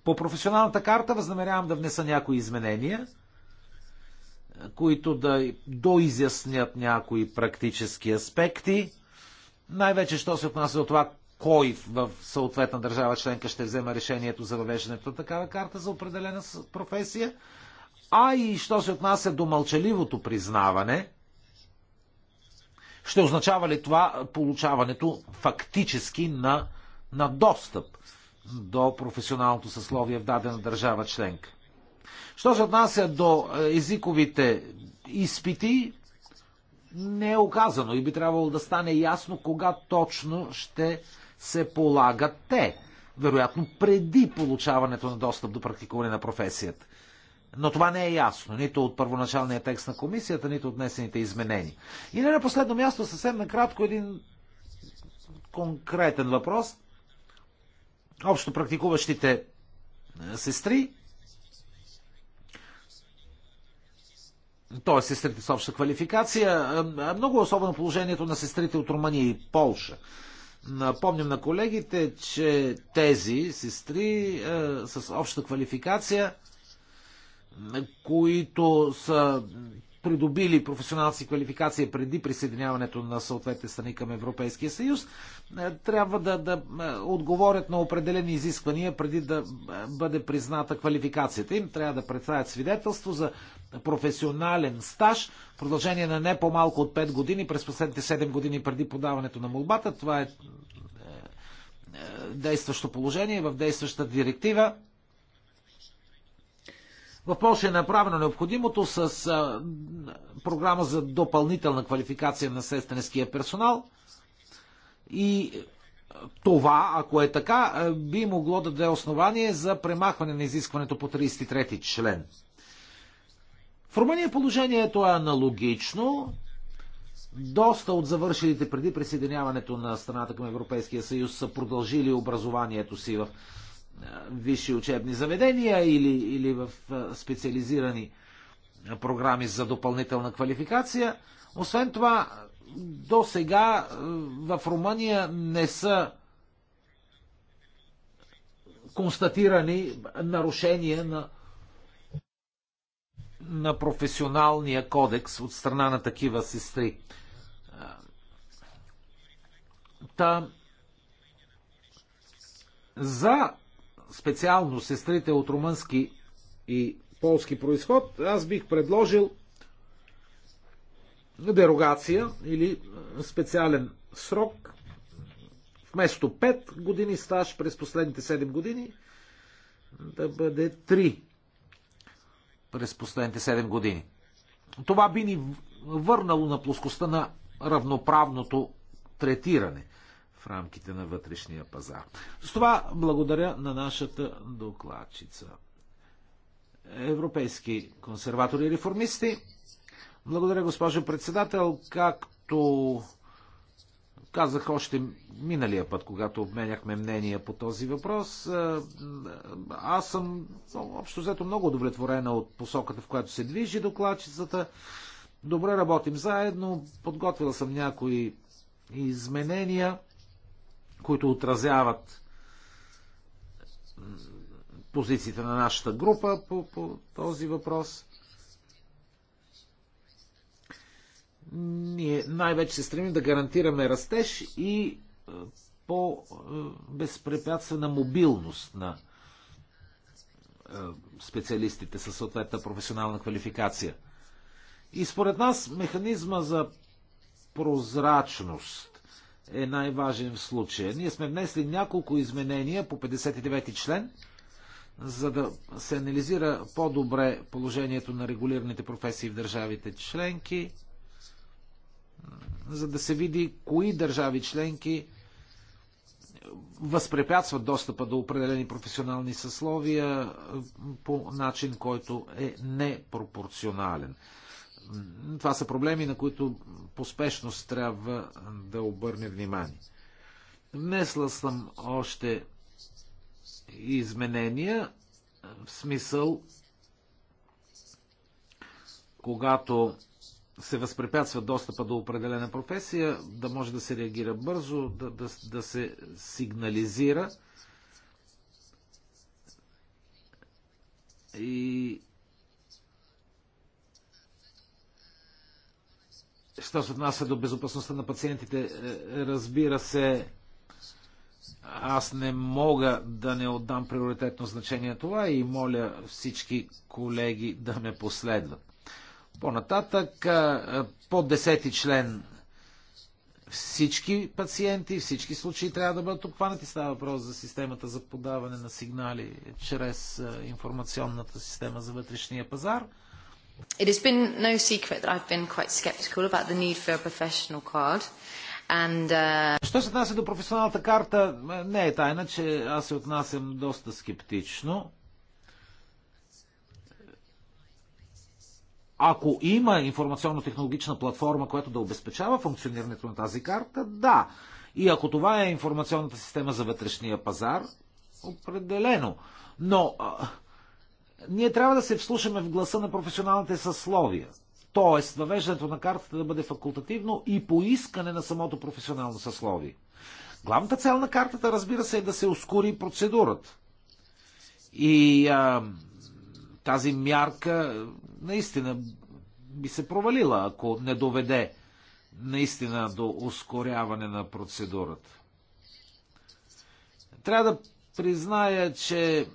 По професионалната карта възнамерявам да внеса някои изменения, които да доизяснят някои практически аспекти. Най-вече, що се отнася до това, кой в съответна държава членка ще взема решението за въвеждането на такава карта за определена професия, а и що се отнася до мълчаливото признаване, ще означава ли това получаването фактически на, на достъп до професионалното съсловие в дадена държава членка. Що се отнася до е, езиковите изпити, не е оказано и би трябвало да стане ясно кога точно ще се полагат те. Вероятно преди получаването на достъп до практикуване на професията. Но това не е ясно, нито от първоначалния текст на комисията, нито от днесените изменения. И не на последно място, съвсем накратко, един конкретен въпрос, общо практикуващите е, сестри, т.е. сестрите с обща квалификация, е, е, много особено положението на сестрите от Румъния и Полша. Напомням на колегите, че тези сестри с обща квалификация които са придобили професионалци си квалификация преди присъединяването на съответните страни към Европейския съюз, е, трябва да, да е, отговорят на определени изисквания преди да е, бъде призната квалификацията им. Трябва да представят свидетелство за професионален стаж в продължение на не по-малко от 5 години през последните 7 години преди подаването на молбата. Това е действащо положение в действащата директива в Польша е направено необходимото с а, програма за допълнителна квалификация на сестренския персонал и това, ако е така, би могло да даде основание за премахване на изискването по 33 ти член. В Румъния положението е аналогично. Доста от завършилите преди присъединяването на страната към Европейския съюз са продължили образованието си в висши учебни заведения или, или в специализирани програми за допълнителна квалификация. Освен това, до сега в Румъния не са констатирани нарушения на, на професионалния кодекс от страна на такива сестри. Та, за специално сестрите от румънски и полски происход, аз бих предложил дерогация или е, специален срок вместо 5 години стаж през последните 7 години е, да бъде 3 през последните 7 години. Това би ни върнало на плоскостта на равноправното третиране рамките на вътрешния пазар. С това благодаря на нашата докладчица. Европейски консерватори и реформисти. Благодаря, госпожо председател. Както казах още миналия път, когато обменяхме мнение по този въпрос, е, аз съм общо взето много удовлетворена от посоката, в която се движи докладчицата. Добре работим заедно, подготвила съм някои изменения които отразяват позициите на нашата група по, по този въпрос. Ние най-вече се стремим да гарантираме растеж и е, по-безпрепятствена мобилност на е, специалистите със съответна професионална квалификация. И според нас механизма за прозрачност е най-важен в случая. Ние сме внесли няколко изменения по 59 член, за да се анализира по-добре положението на регулираните професии в държавите членки, за да се види кои държави членки възпрепятстват достъпа до определени професионални съсловия по начин, който е непропорционален. Това са проблеми, на които по спешност трябва да обърне внимание. Внесла съм още изменения в смисъл, когато се възпрепятства достъпа до определена професия, да може да се реагира бързо, да, да, да се сигнализира. И Що се отнася до безопасността на пациентите, е, разбира се, аз не мога да не отдам приоритетно значение това и моля всички колеги да ме последват. По-нататък, е, по 10 ти член всички пациенти, всички случаи трябва да бъдат обхванати. Става въпрос за системата за подаване на сигнали чрез е, информационната система за вътрешния пазар.
It has been no secret that I've been quite skeptical about the need for a professional card. And, uh...
Що се отнася до професионалната карта, не е тайна, че аз се отнасям доста скептично. Ако има информационно-технологична платформа, която да обезпечава функционирането на тази карта, да. И ако това е информационната система за вътрешния пазар, определено. Но ние трябва да се вслушаме в гласа на професионалните съсловия. Тоест, въвеждането на картата да бъде факултативно и по искане на самото професионално съсловие. Главната цел на картата, разбира се, е да се ускори процедурата. И а, тази мярка наистина би се провалила, ако не доведе наистина до ускоряване на процедурата. Трябва да призная, че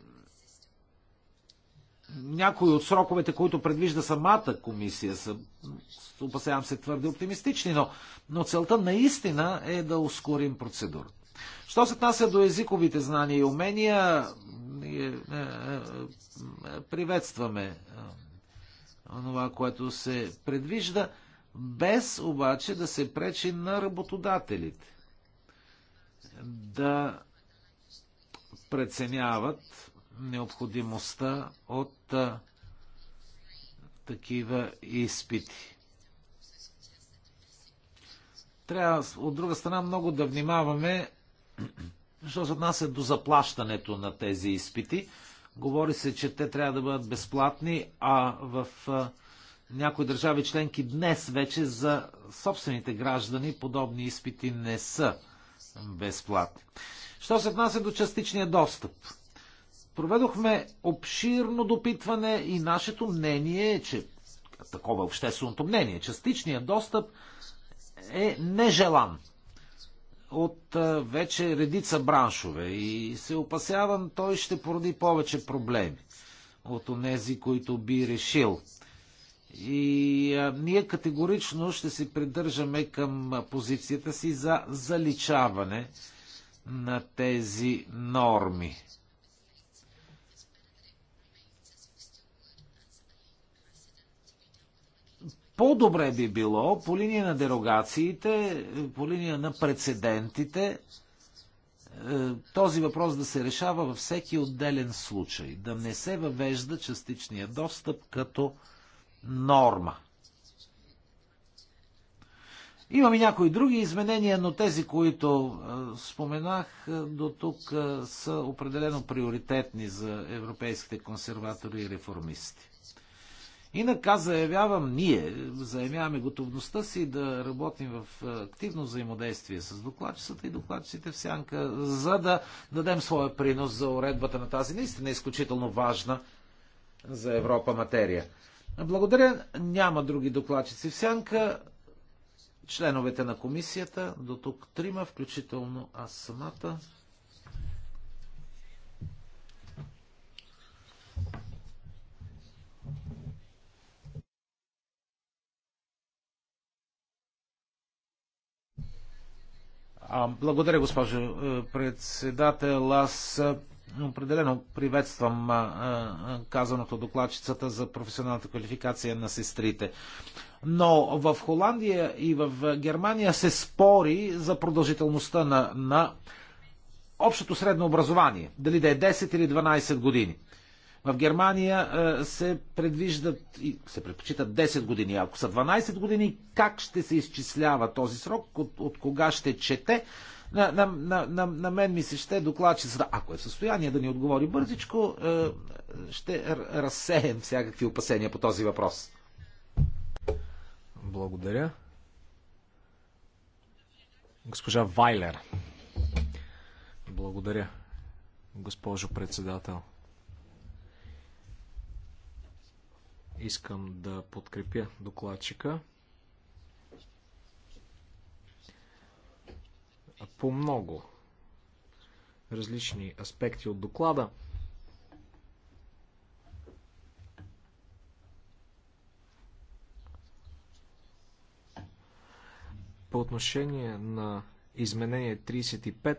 някои от сроковете, които предвижда самата комисия, са, опасявам се, твърде оптимистични, но, но целта наистина е да ускорим процедурата. Що се отнася до езиковите знания и умения, е, е, е, приветстваме това, което се предвижда, без обаче да се пречи на работодателите да преценяват необходимостта от а, такива изпити. Трябва, от друга страна, много да внимаваме, що се отнася до заплащането на тези изпити. Говори се, че те трябва да бъдат безплатни, а в а, някои държави членки днес вече за собствените граждани подобни изпити не са безплатни. Що се отнася до частичния достъп? Проведохме обширно допитване и нашето мнение е, че такова общественото мнение, частичният достъп е нежелан от вече редица браншове и се опасявам, той ще породи повече проблеми от онези, които би решил. И а, ние категорично ще се придържаме към позицията си за заличаване на тези норми. По-добре би било по линия на дерогациите, по линия на прецедентите, е, този въпрос да се решава във всеки отделен случай, да не се въвежда частичния достъп като норма. Имам и някои други изменения, но тези, които е, споменах е, до тук, са определено приоритетни за европейските консерватори и реформисти. Инака заявявам, ние заявяваме готовността си да работим в е, активно взаимодействие с докладчицата и докладчиците в сянка, за да дадем своя принос за уредбата на тази наистина изключително важна за Европа материя. Благодаря. Няма други докладчици в сянка. Членовете на комисията, до тук трима, включително аз самата. Благодаря, госпожо е, председател. Аз е, определено приветствам е, казаното докладчицата за професионалната квалификация на сестрите. Но в Холандия и в Германия се спори за продължителността на, на общото средно образование. Дали да е 10 или 12 години. В Германия е, се предвиждат и се предпочитат 10 години. Ако са 12 години, как ще се изчислява този срок? От, от кога ще чете? На, на, на, на, на мен ми се ще докладчицата, ако е в състояние да ни отговори бързичко, е, ще разсеем всякакви опасения по този въпрос. Благодаря. Госпожа Вайлер.
Благодаря, госпожо председател. Искам да подкрепя докладчика. По много различни аспекти от доклада. По отношение на изменение 35,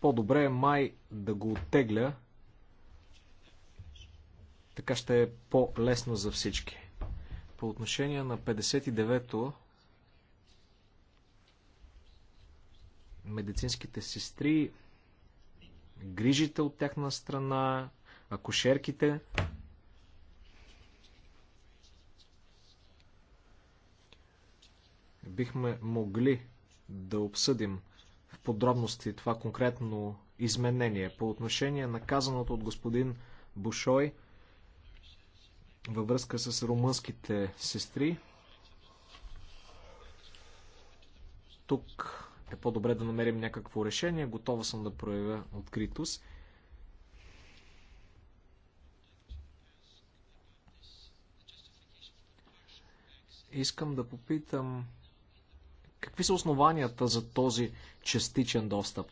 по-добре е май да го оттегля, така ще е по-лесно за всички. По отношение на 59-то, медицинските сестри, грижите от тяхна страна, акушерките. Бихме могли да обсъдим в подробности това конкретно изменение. По отношение на казаното от господин Бушой – във връзка с румънските сестри. Тук е по-добре да намерим някакво решение. Готова съм да проявя откритост. Искам да попитам какви са основанията за този частичен достъп.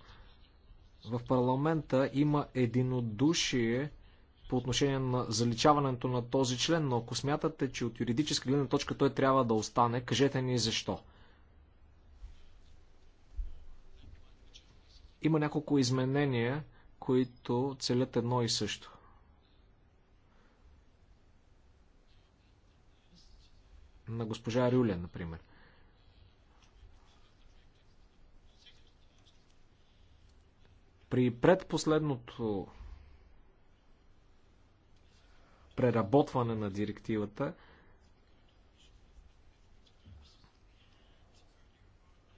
В парламента има единодушие по отношение на заличаването на този член, но ако смятате, че от юридическа гледна точка той трябва да остане, кажете ни защо. Има няколко изменения, които целят едно и също. На госпожа Рюля, например. При предпоследното преработване на директивата.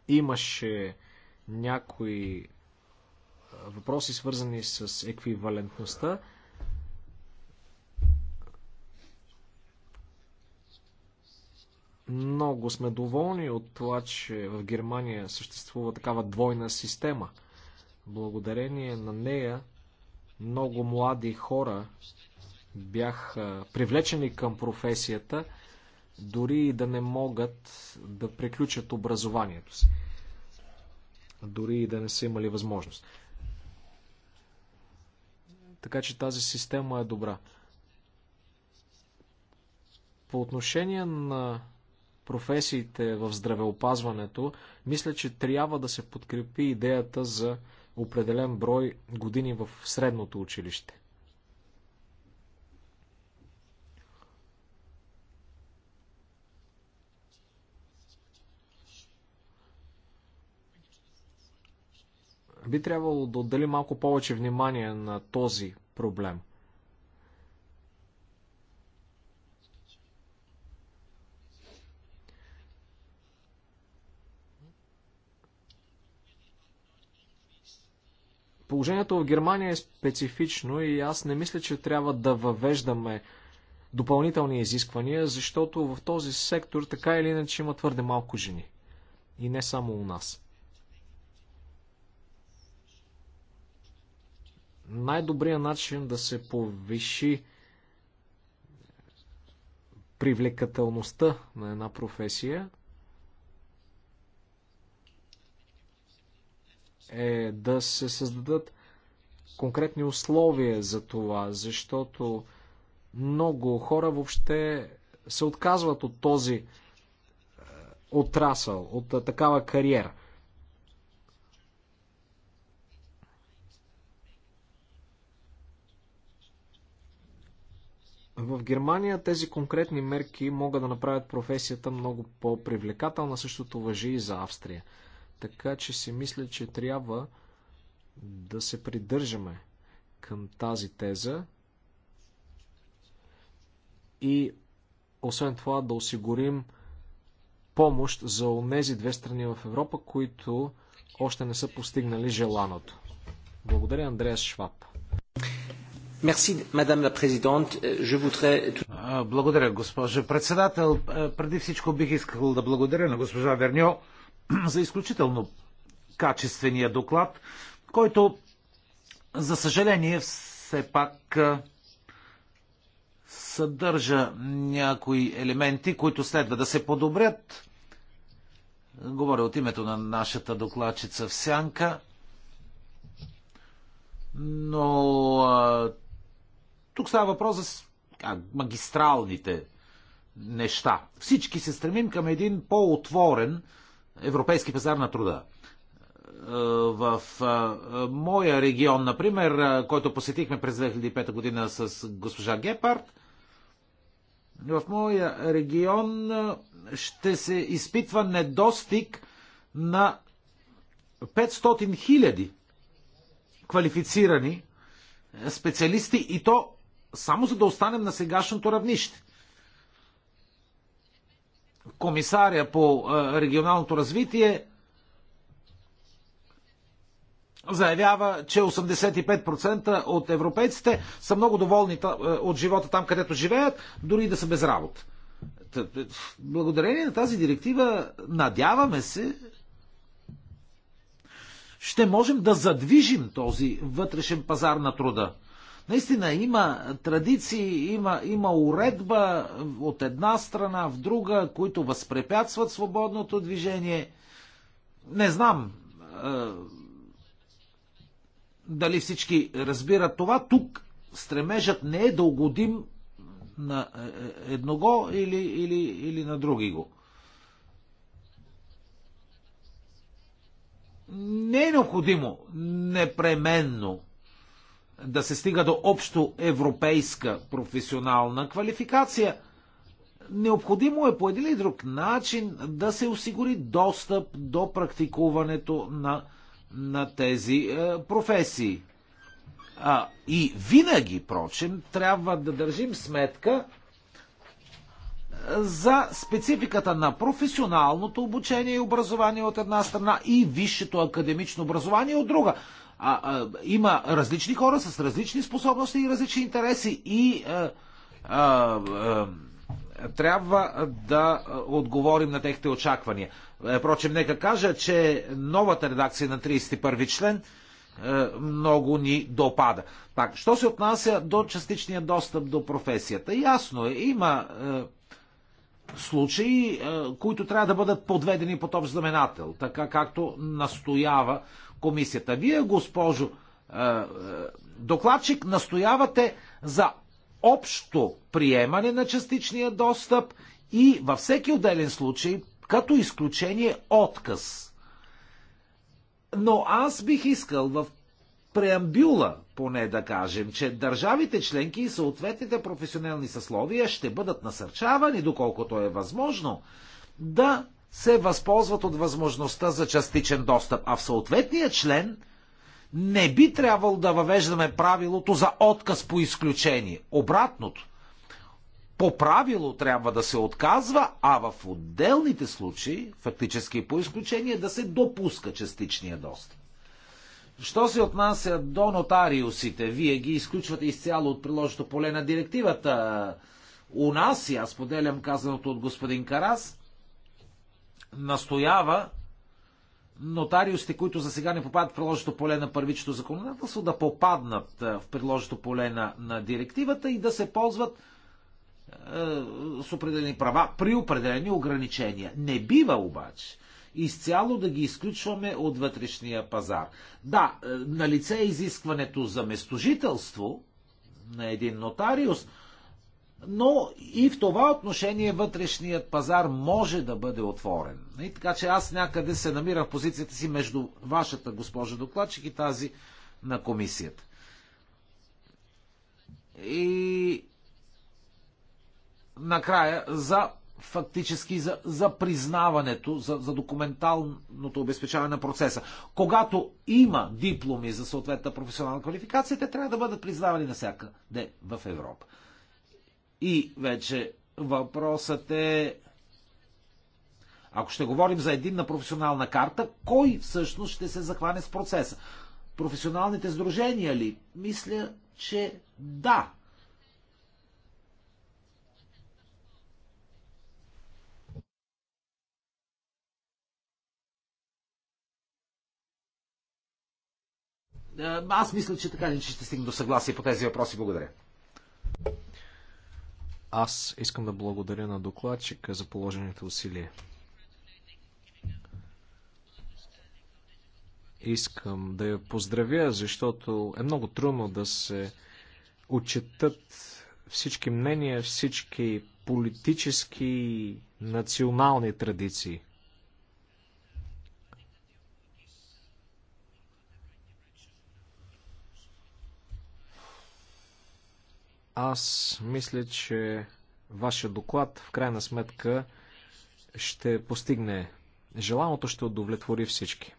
Имаше някои въпроси, свързани с еквивалентността. Много сме доволни от това, че в Германия съществува такава двойна система. Благодарение на нея много млади хора бяха привлечени към професията, дори и да не могат да приключат образованието си. Дори и да не са имали възможност. Така че тази система е добра. По отношение на професиите в здравеопазването, мисля, че трябва да се подкрепи идеята за определен брой години в средното училище. Би трябвало да отдели малко повече внимание на този проблем. Положението в Германия е специфично и аз не мисля, че трябва да въвеждаме допълнителни изисквания, защото в този сектор така или иначе има твърде малко жени. И не само у нас. най-добрият начин да се повиши привлекателността на една професия е да се създадат конкретни условия за това, защото много хора въобще се отказват от този е, отрасъл, от е, такава кариера – В Германия тези конкретни мерки могат да направят професията много по-привлекателна. Същото въжи и за Австрия. Така че си мисля, че трябва да се придържаме към тази теза и освен това да осигурим помощ за онези две страни в Европа, които още не са постигнали желаното. Благодаря, Андреас
Шваб. Euh, благодаря, госпожо председател. Е, преди всичко бих искал да благодаря на госпожа Верньо за изключително качествения доклад, който, за съжаление, все пак е, съдържа някои елементи, които следва да се подобрят. Говоря от името на нашата докладчица в Сянка, но е, тук става въпрос за а, магистралните неща. Всички се стремим към един по-отворен европейски пазар на труда. Е, в е, моя регион, например, е, който посетихме през 2005 година с госпожа Гепард, в моя регион ще се изпитва недостиг на 500 хиляди квалифицирани специалисти и то само за да останем на сегашното равнище. Комисаря по регионалното развитие заявява, че 85% от европейците са много доволни от живота там, където живеят, дори да са без работа. Благодарение на тази директива, надяваме се, ще можем да задвижим този вътрешен пазар на труда. Наистина има традиции, има, има уредба от една страна в друга, които възпрепятстват свободното движение. Не знам е, дали всички разбират това. Тук стремежът не е да угодим на е, е, едного или, или, или на други го. Не е необходимо непременно да се стига до общо европейска професионална квалификация, необходимо е по един или друг начин да се осигури достъп до практикуването на, на тези е, професии. А, и винаги, прочим, трябва да държим сметка е, за спецификата на професионалното обучение и образование от една страна и висшето академично образование от друга а, а, има различни хора с различни способности и различни интереси и е, а, а, е, а, трябва да отговорим на техните очаквания. Е, впрочем, нека кажа, че новата редакция на 31 член много ни допада. Так, що се отнася до частичния достъп до професията? Ясно е, има случаи, е, които трябва да бъдат подведени под общ знаменател, така както настоява комисията. Вие, госпожо е, е, докладчик, настоявате за общо приемане на частичния достъп и във всеки отделен случай, като изключение, отказ. Но аз бих искал в преамбюла, поне да кажем, че държавите членки и съответните професионални съсловия ще бъдат насърчавани, доколкото е възможно, да се възползват от възможността за частичен достъп. А в съответния член не би трябвало да въвеждаме правилото за отказ по изключение. Обратното. По правило трябва да се отказва, а в отделните случаи, фактически по изключение, да се допуска частичния достъп. Що се отнася до нотариусите, вие ги изключвате изцяло от приложното поле на директивата. У нас, и аз поделям казаното от господин Карас, настоява нотариусите, които за сега не попадат в приложното поле на първичното законодателство, да попаднат е, в приложното поле на, на директивата и да се ползват е, с определени права при определени ограничения. Не бива обаче изцяло да ги изключваме от вътрешния пазар. Да, е, на лице е изискването за местожителство на един нотариус, но и в това отношение вътрешният пазар може да бъде отворен. И така че аз някъде се намира в позицията си между вашата госпожа докладчик и тази на комисията. И накрая за фактически за, за признаването, за, за документалното обезпечаване на процеса. Когато има дипломи за съответната професионална квалификация, те трябва да бъдат признавани навсякъде в Европа. И вече въпросът е ако ще говорим за единна професионална карта, кой всъщност ще се захване с процеса? Професионалните сдружения ли? Мисля, че да. Е, аз мисля, че така не ще стигна до съгласие по тези въпроси. Благодаря.
Аз искам да благодаря на докладчика за положените усилия. Искам да я поздравя, защото е много трудно да се отчетат всички мнения, всички политически национални традиции. Аз мисля, че вашия доклад в крайна сметка ще постигне желаното, ще удовлетвори всички.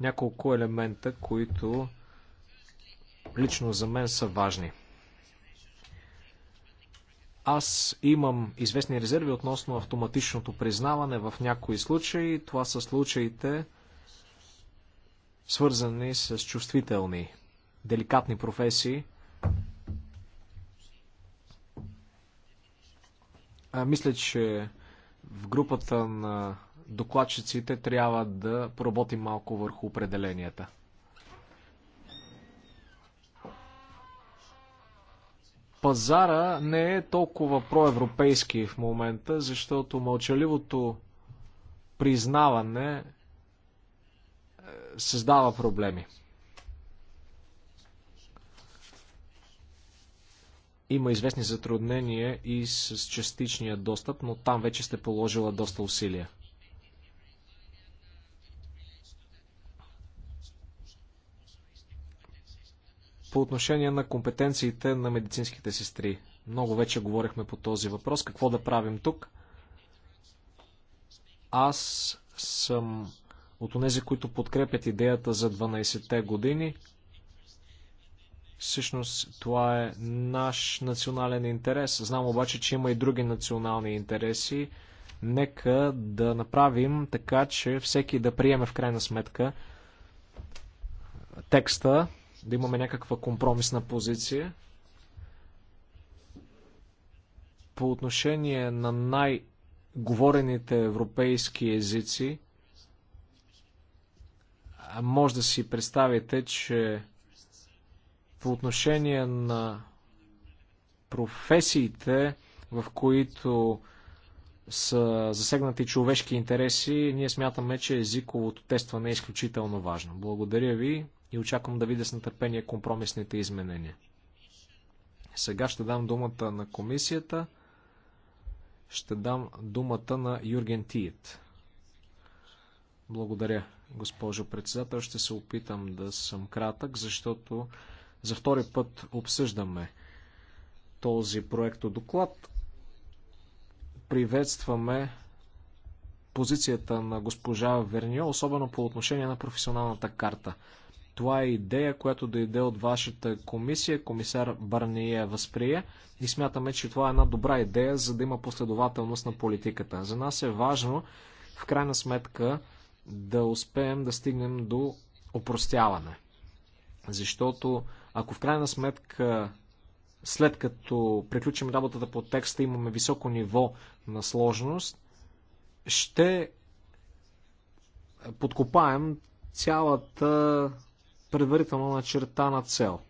Няколко елемента, които лично за мен са важни. Аз имам известни резерви относно автоматичното признаване в някои случаи. Това са случаите свързани с чувствителни деликатни професии. А, мисля, че в групата на докладчиците трябва да поработим малко върху определенията. Пазара не е толкова проевропейски в момента, защото мълчаливото признаване е, създава проблеми. Има известни затруднения и с частичния достъп, но там вече сте положила доста усилия. По отношение на компетенциите на медицинските сестри. Много вече говорихме по този въпрос. Какво да правим тук? Аз съм от тези, които подкрепят идеята за 12-те години. Всъщност това е наш национален интерес. Знам обаче, че има и други национални интереси. Нека да направим така, че всеки да приеме в крайна сметка текста, да имаме някаква компромисна позиция. По отношение на най-говорените европейски езици, може да си представите, че по отношение на професиите, в които са засегнати човешки интереси, ние смятаме, че езиковото тестване е изключително важно. Благодаря ви и очаквам да видя с нетърпение компромисните изменения. Сега ще дам думата на комисията. Ще дам думата на Юрген Тиет. Благодаря, госпожо председател. Ще се опитам да съм кратък, защото за втори път обсъждаме този проект доклад. Приветстваме позицията на госпожа Верньо, особено по отношение на професионалната карта. Това е идея, която дойде от вашата комисия, комисар Барния възприе и смятаме, че това е една добра идея, за да има последователност на политиката. За нас е важно, в крайна сметка, да успеем да стигнем до опростяване. Защото ако в крайна сметка, след като приключим работата по текста, имаме високо ниво на сложност, ще подкопаем цялата предварително начертана цел.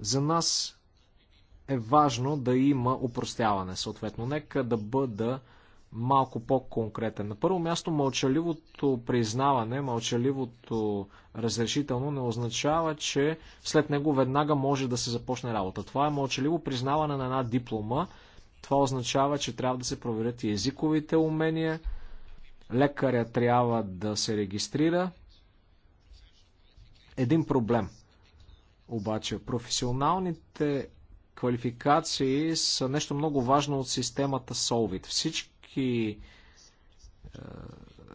За нас е важно да има упростяване. Съответно, нека да бъда малко по-конкретен. На първо място, мълчаливото признаване, мълчаливото разрешително не означава, че след него веднага може да се започне работа. Това е мълчаливо признаване на една диплома. Това означава, че трябва да се проверят и езиковите умения. Лекаря трябва да се регистрира. Един проблем. Обаче, професионалните квалификации са нещо много важно от системата Solvit. Всички всички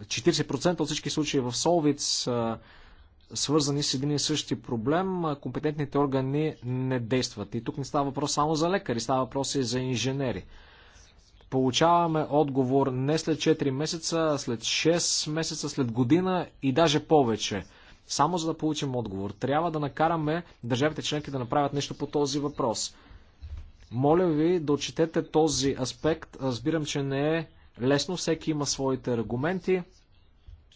40% е, от всички случаи в Солвиц са е, свързани с един и същи проблем, е, компетентните органи не действат. И тук не става въпрос само за лекари, става въпрос и за инженери. Получаваме отговор не след 4 месеца, а след 6 месеца, след година и даже повече. Само за да получим отговор. Трябва да накараме държавите членки да направят нещо по този въпрос. Моля ви да отчетете този аспект. Разбирам, че не е лесно, всеки има своите аргументи.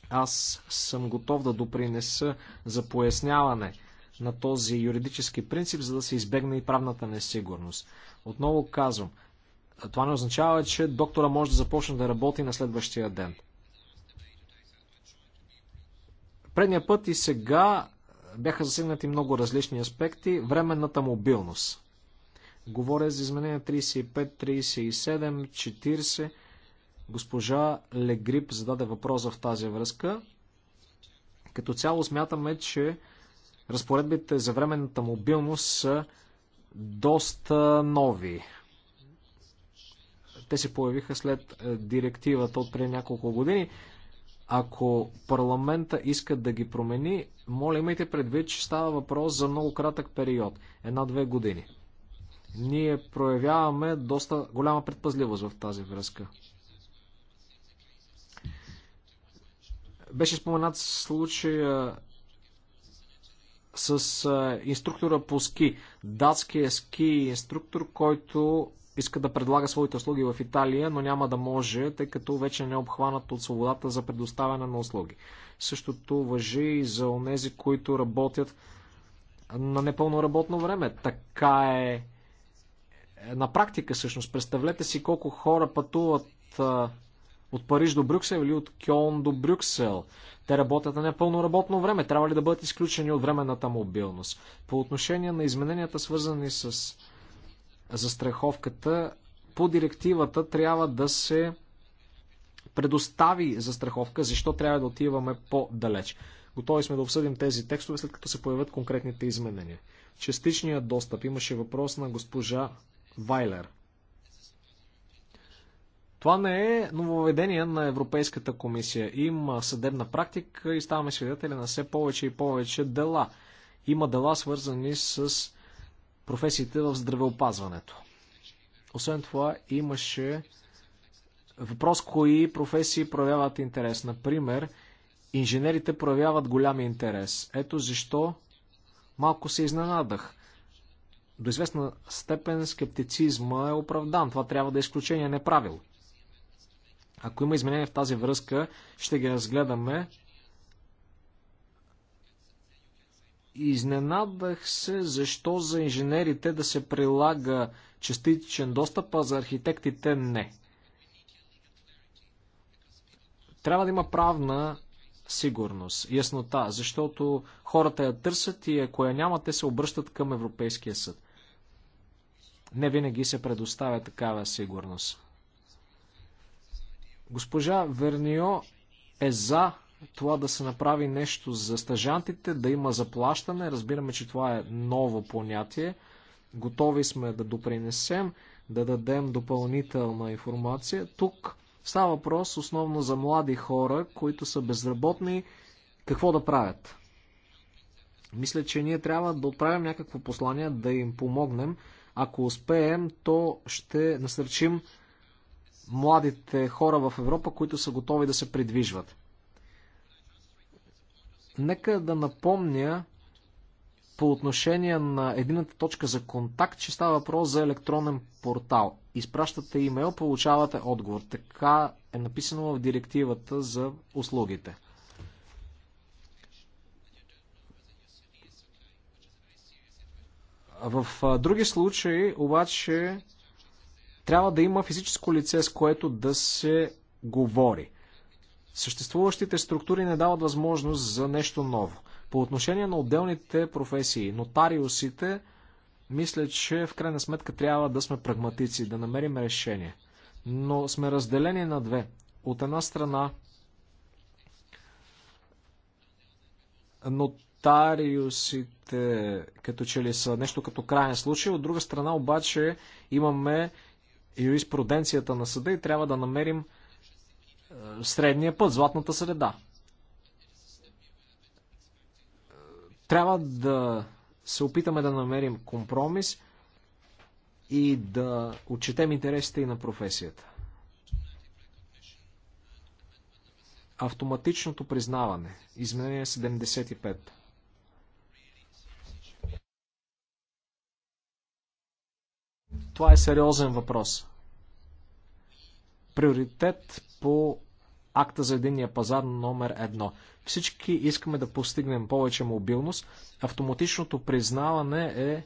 Аз съм готов да допринеса за поясняване на този юридически принцип, за да се избегне и правната несигурност. Отново казвам, това не означава, че доктора може да започне да работи на следващия ден. Предния път и сега бяха засегнати много различни аспекти. Временната мобилност. Говоря за изменения 35, 37, 40. Госпожа Легрип зададе въпроса в тази връзка. Като цяло смятаме, че разпоредбите за временната мобилност са доста нови. Те се появиха след е, директивата от преди няколко години. Ако парламента иска да ги промени, моля имайте предвид, че става въпрос за много кратък период една-две години. Ние проявяваме доста голяма предпазливост в тази връзка. Беше споменат случай с инструктора по ски, датския ски инструктор, който иска да предлага своите услуги в Италия, но няма да може, тъй като вече не е обхванат от свободата за предоставяне на услуги. Същото въжи и за онези, които работят на непълно работно време. Така е на практика всъщност. Представете си колко хора пътуват а, от Париж до Брюксел или от Кьон до Брюксел. Те работят на непълно работно време. Трябва ли да бъдат изключени от временната мобилност? По отношение на измененията, свързани с застраховката, по директивата трябва да се предостави застраховка, защо трябва да отиваме по-далеч. Готови сме да обсъдим тези текстове, след като се появят конкретните изменения. Частичният достъп. Имаше въпрос на госпожа Вайлер. Това не е нововведение на Европейската комисия. Има съдебна практика и ставаме свидетели на все повече и повече дела. Има дела свързани с професиите в здравеопазването. Освен това, имаше въпрос кои професии проявяват интерес. Например, инженерите проявяват голям интерес. Ето защо малко се изненадах до известна степен скептицизма е оправдан. Това трябва да е изключение, не правило. Ако има изменения в тази връзка, ще ги разгледаме. Изненадах се защо за инженерите да се прилага частичен достъп, а за архитектите не. Трябва да има правна сигурност, яснота, защото хората я търсят и ако я няма, те се обръщат към Европейския съд не винаги се предоставя такава сигурност. Госпожа Вернио е за това да се направи нещо за стажантите, да има заплащане. Разбираме, че това е ново понятие. Готови сме да допринесем, да дадем допълнителна информация. Тук става въпрос основно за млади хора, които са безработни. Какво да правят? Мисля, че ние трябва да отправим някакво послание, да им помогнем ако успеем, то ще насърчим младите хора в Европа, които са готови да се придвижват. Нека да напомня по отношение на едината точка за контакт, че става въпрос за електронен портал. Изпращате имейл, получавате отговор. Така е написано в директивата за услугите. В други случаи обаче трябва да има физическо лице, с което да се говори. Съществуващите структури не дават възможност за нещо ново. По отношение на отделните професии, нотариусите, мисля, че в крайна сметка трябва да сме прагматици, да намерим решение. Но сме разделени на две. От една страна, но нотариусите като че ли са нещо като крайен случай. От друга страна обаче имаме юриспруденцията на съда и трябва да намерим е, средния път, златната среда. Трябва да се опитаме да намерим компромис и да отчетем интересите и на професията. Автоматичното признаване. Изменение 75. Това е сериозен въпрос. Приоритет по акта за единния пазар номер едно. Всички искаме да постигнем повече мобилност. Автоматичното признаване е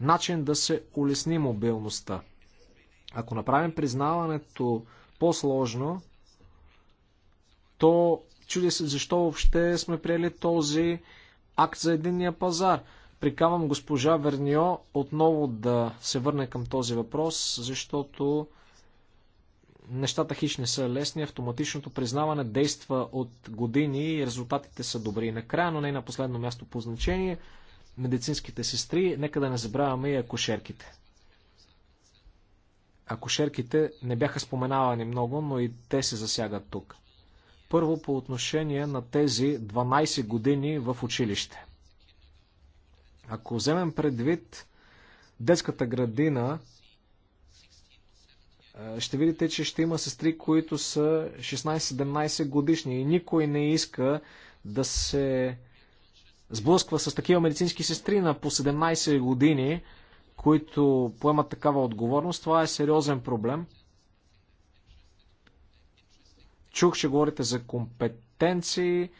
начин да се улесни мобилността. Ако направим признаването по-сложно, то чуди се защо въобще сме приели този акт за единния пазар. Прикавам госпожа Верньо отново да се върне към този въпрос, защото нещата хищни не са лесни, автоматичното признаване действа от години и резултатите са добри. И накрая, но не на последно място по значение, медицинските сестри, нека да не забравяме и акушерките. Акушерките не бяха споменавани много, но и те се засягат тук. Първо по отношение на тези 12 години в училище. Ако вземем предвид детската градина, ще видите, че ще има сестри, които са 16-17 годишни и никой не иска да се сблъсква с такива медицински сестри на по 17 години, които поемат такава отговорност. Това е сериозен проблем. Чух, че говорите за компетенции.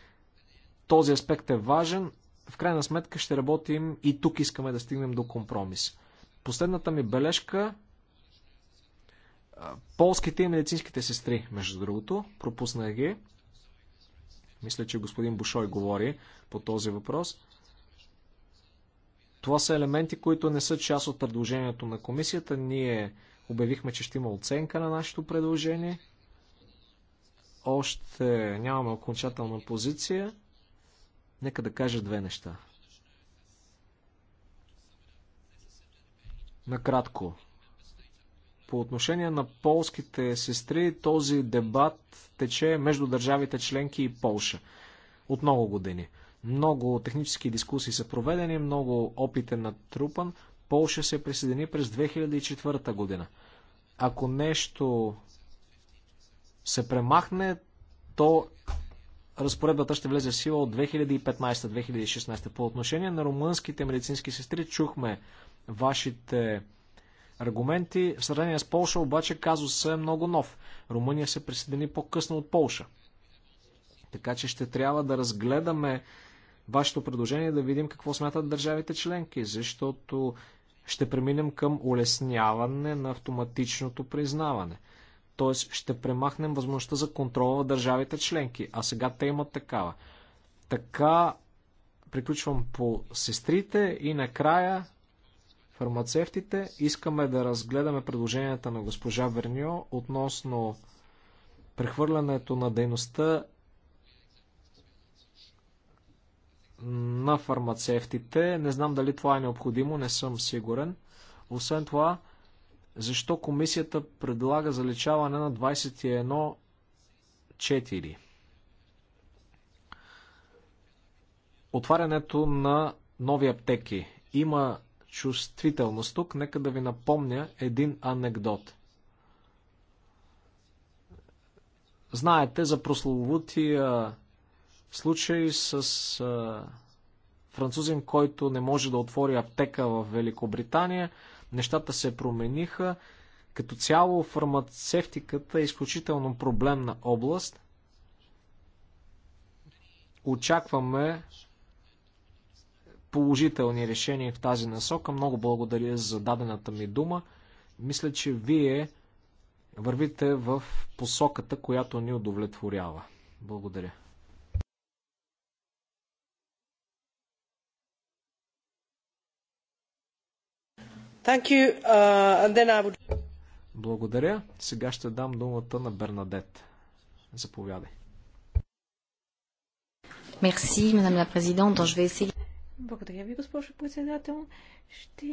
Този аспект е важен в крайна сметка ще работим и тук искаме да стигнем до компромис. Последната ми бележка полските и медицинските сестри, между другото, пропуснах ги. Мисля, че господин Бушой говори по този въпрос. Това са елементи, които не са част от предложението на комисията. Ние обявихме, че ще има оценка на нашето предложение. Още нямаме окончателна позиция. Нека да кажа две неща. Накратко. По отношение на полските сестри, този дебат тече между държавите членки и Полша от много години. Много технически дискусии са проведени, много опит е натрупан. Полша се присъедини през 2004 година. Ако нещо се премахне, то разпоредбата ще влезе в сила от 2015-2016. По отношение на румънските медицински сестри чухме вашите аргументи. В сравнение с Полша обаче казусът е много нов. Румъния се присъедини по-късно от Полша. Така че ще трябва да разгледаме вашето предложение да видим какво смятат държавите членки, защото ще преминем към улесняване на автоматичното признаване. Т.е. ще премахнем възможността за контрола в държавите членки, а сега те имат такава. Така приключвам по сестрите и накрая фармацевтите. Искаме да разгледаме предложенията на госпожа Верньо относно прехвърлянето на дейността на фармацевтите. Не знам дали това е необходимо, не съм сигурен. Освен това, защо комисията предлага заличаване на 21.4. Отварянето на нови аптеки. Има чувствителност тук. Нека да ви напомня един анекдот. Знаете за прословутия случай с а, французин, който не може да отвори аптека в Великобритания – Нещата се промениха. Като цяло фармацевтиката е изключително проблемна област. Очакваме положителни решения в тази насока. Много благодаря за дадената ми дума. Мисля, че вие вървите в посоката, която ни удовлетворява. Благодаря.
Uh, would...
Благодаря. Сега ще дам думата на Бернадет. Заповядай. Мерси, мадам ла президент.
Благодаря ви, госпожо председател. Ще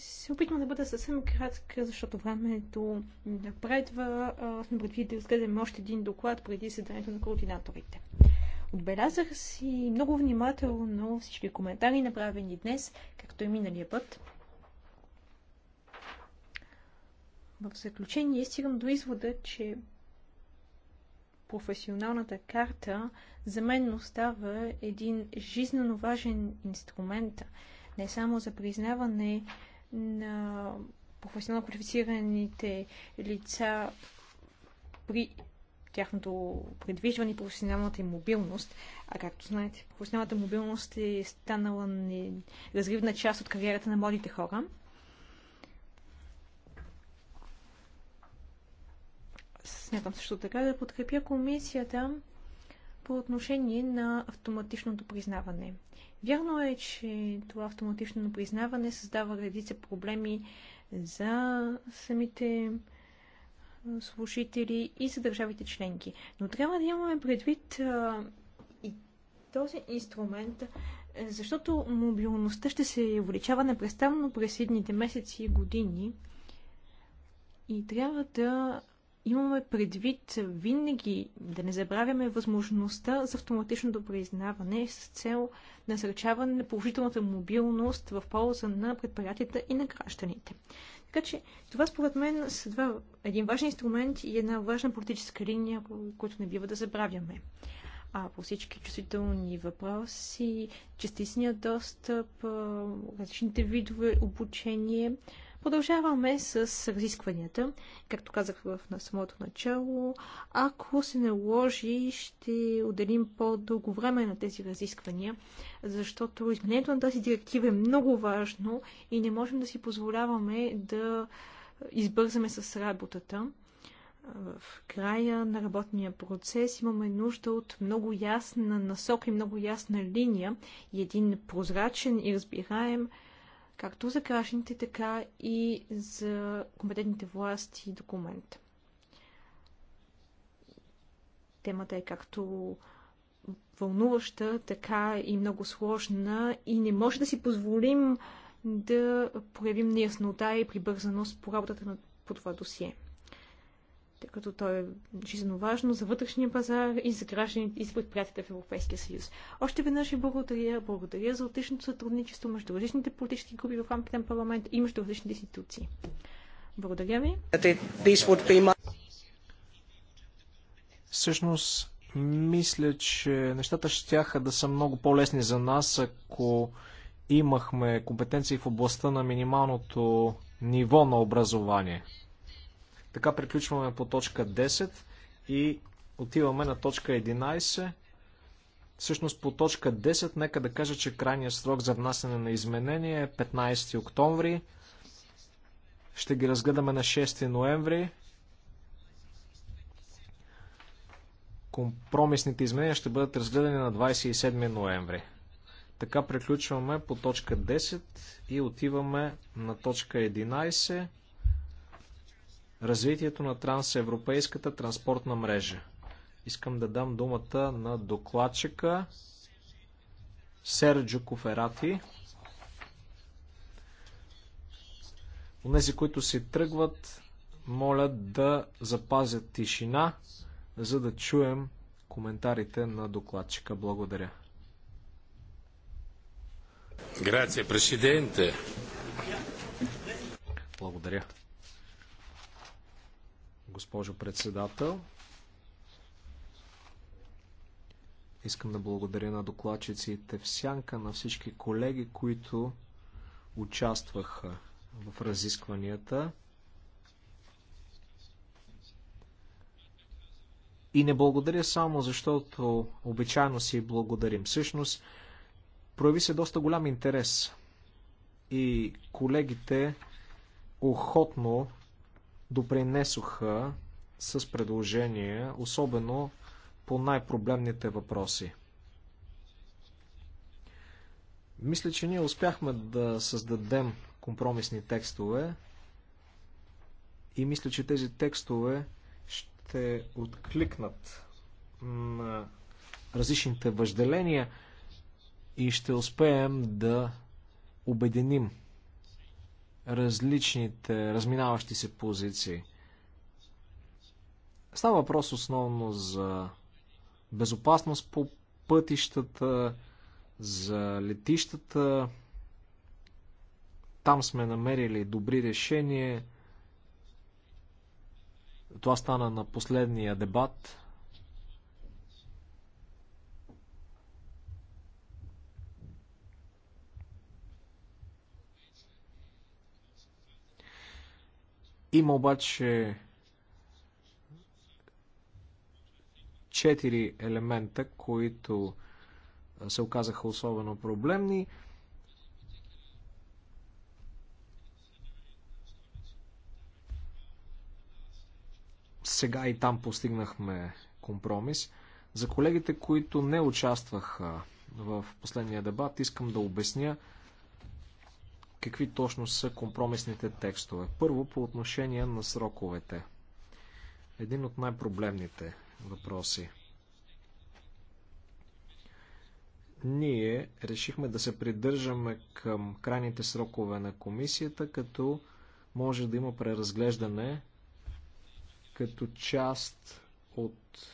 се опитам да бъда съвсем кратка, защото времето напредва. Аз Сме предвид да разгледам още един доклад преди заседанието на координаторите. Отбелязах си много внимателно всички коментари, направени днес, както и миналия път. В заключение стигам до извода, че професионалната карта за мен остава един жизненно важен инструмент, не само за признаване на професионално квалифицираните лица при тяхното предвижване и професионалната им мобилност. А както знаете, професионалната мобилност е станала неразривна част от кариерата на младите хора. Смятам също така да подкрепя комисията по отношение на автоматичното признаване. Вярно е, че това автоматично признаване създава редица проблеми за самите служители и за държавите членки. Но трябва да имаме предвид а, и този инструмент, защото мобилността ще се увеличава непрестанно през едните месеци и години и трябва да имаме предвид винаги да не забравяме възможността за автоматичното признаване с цел насърчаване на положителната мобилност в полза на предприятията и на гражданите. Така че това според мен са два, един важен инструмент и една важна политическа линия, която не бива да забравяме. А по всички чувствителни въпроси, частичният достъп, различните видове обучение, Продължаваме с разискванията. Както казах в на самото начало, ако се наложи, ще отделим по-дълго време на тези разисквания, защото изменението на тази директива е много важно и не можем да си позволяваме да избързаме с работата. В края на работния процес имаме нужда от много ясна насока и много ясна линия и един прозрачен и разбираем както за гражданите, така и за компетентните власти и документ. Темата е както вълнуваща, така и много сложна и не може да си позволим да проявим неяснота и прибързаност по работата на по това досие тъй като то е жизненно важно за вътрешния пазар и за гражданите и за предприятията в Европейския съюз. Още веднъж ви благодаря. Благодаря за отличното сътрудничество между различните политически групи в рамките на парламент и между различните институции. Благодаря ви.
Всъщност, мисля, че нещата ще да са много по-лесни за нас, ако имахме компетенции в областта на минималното ниво на образование. Така приключваме по точка 10 и отиваме на точка 11. Всъщност по точка 10 нека да кажа, че крайният срок за внасяне на изменения е 15 октомври. Ще ги разгледаме на 6 ноември. Компромисните изменения ще бъдат разгледани на 27 ноември. Така приключваме по точка 10 и отиваме на точка 11 развитието на трансевропейската транспортна мрежа. Искам да дам думата на докладчика Серджо Коферати. Унези, които си тръгват, моля да запазят тишина, за да чуем коментарите на докладчика. Благодаря.
Грация, президенте.
Благодаря госпожо председател. Искам да благодаря на докладчиците в сянка, на всички колеги, които участваха в разискванията. И не благодаря само защото обичайно си благодарим. Всъщност, прояви се доста голям интерес. И колегите охотно допринесоха с предложения, особено по най-проблемните въпроси. Мисля, че ние успяхме да създадем компромисни текстове и мисля, че тези текстове ще откликнат на различните въжделения и ще успеем да обединим различните разминаващи се позиции. Става въпрос основно за безопасност по пътищата, за летищата. Там сме намерили добри решения. Това стана на последния дебат Има обаче четири елемента, които се оказаха особено проблемни. Сега и там постигнахме компромис. За колегите, които не участваха в последния дебат, искам да обясня, какви точно са компромисните текстове. Първо, по отношение на сроковете. Един от най-проблемните въпроси. Ние решихме да се придържаме към крайните срокове на комисията, като може да има преразглеждане като част от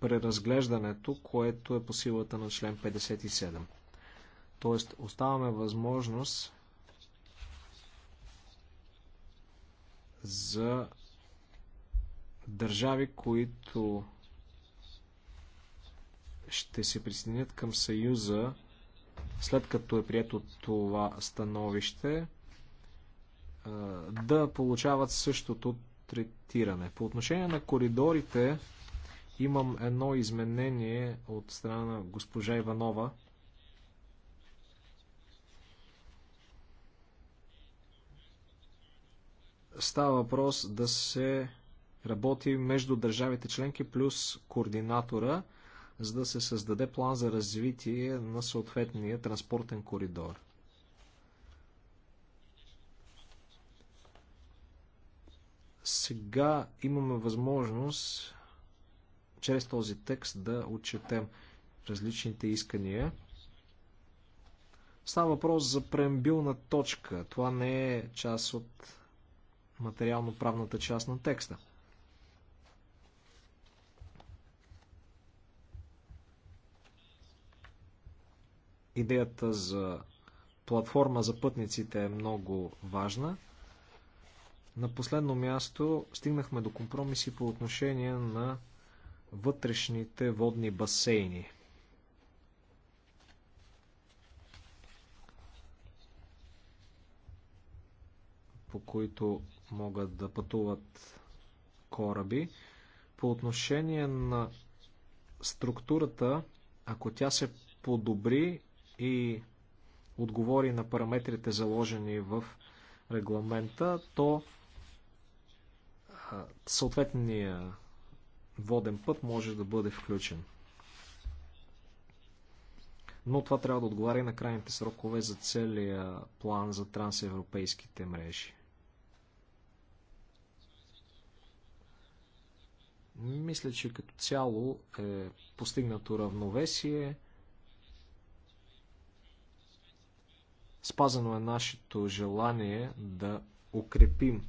преразглеждането, което е по силата на член 57. Т.е. оставаме възможност за държави, които ще се присъединят към Съюза след като е прието това становище, да получават същото третиране. По отношение на коридорите имам едно изменение от страна на госпожа Иванова – става въпрос да се работи между държавите членки плюс координатора, за да се създаде план за развитие на съответния транспортен коридор. Сега имаме възможност чрез този текст да отчетем различните искания. Става въпрос за преамбилна точка. Това не е част от материално-правната част на текста. Идеята за платформа за пътниците е много важна. На последно място стигнахме до компромиси по отношение на вътрешните водни басейни. по които могат да пътуват кораби. По отношение на структурата, ако тя се подобри и отговори на параметрите заложени в регламента, то съответния воден път може да бъде включен. Но това трябва да отговаря и на крайните срокове за целия план за трансевропейските мрежи. Мисля, че като цяло е постигнато равновесие. Спазано е нашето желание да укрепим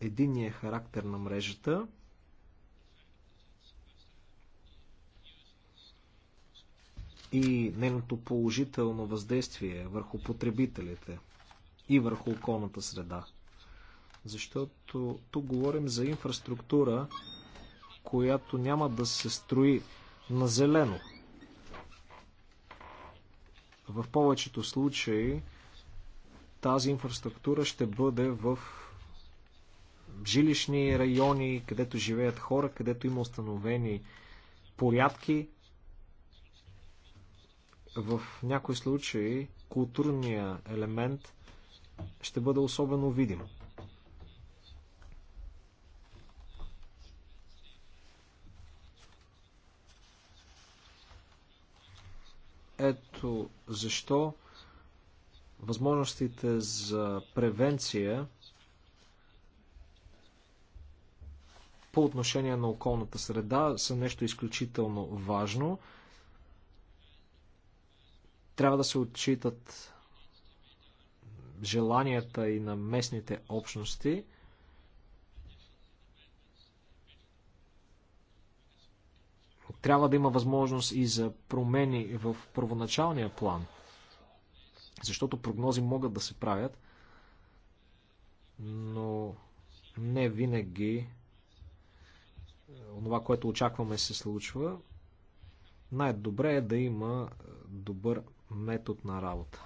единния характер на мрежата. и нейното положително въздействие върху потребителите и върху околната среда защото тук говорим за инфраструктура, която няма да се строи на зелено. В повечето случаи тази инфраструктура ще бъде в жилищни райони, където живеят хора, където има установени порядки. В някои случаи културния елемент ще бъде особено видим. Ето защо възможностите за превенция по отношение на околната среда са нещо изключително важно. Трябва да се отчитат желанията и на местните общности – трябва да има възможност и за промени в първоначалния план, защото прогнози могат да се правят, но не винаги това, което очакваме се случва. Най-добре е да има добър метод на работа.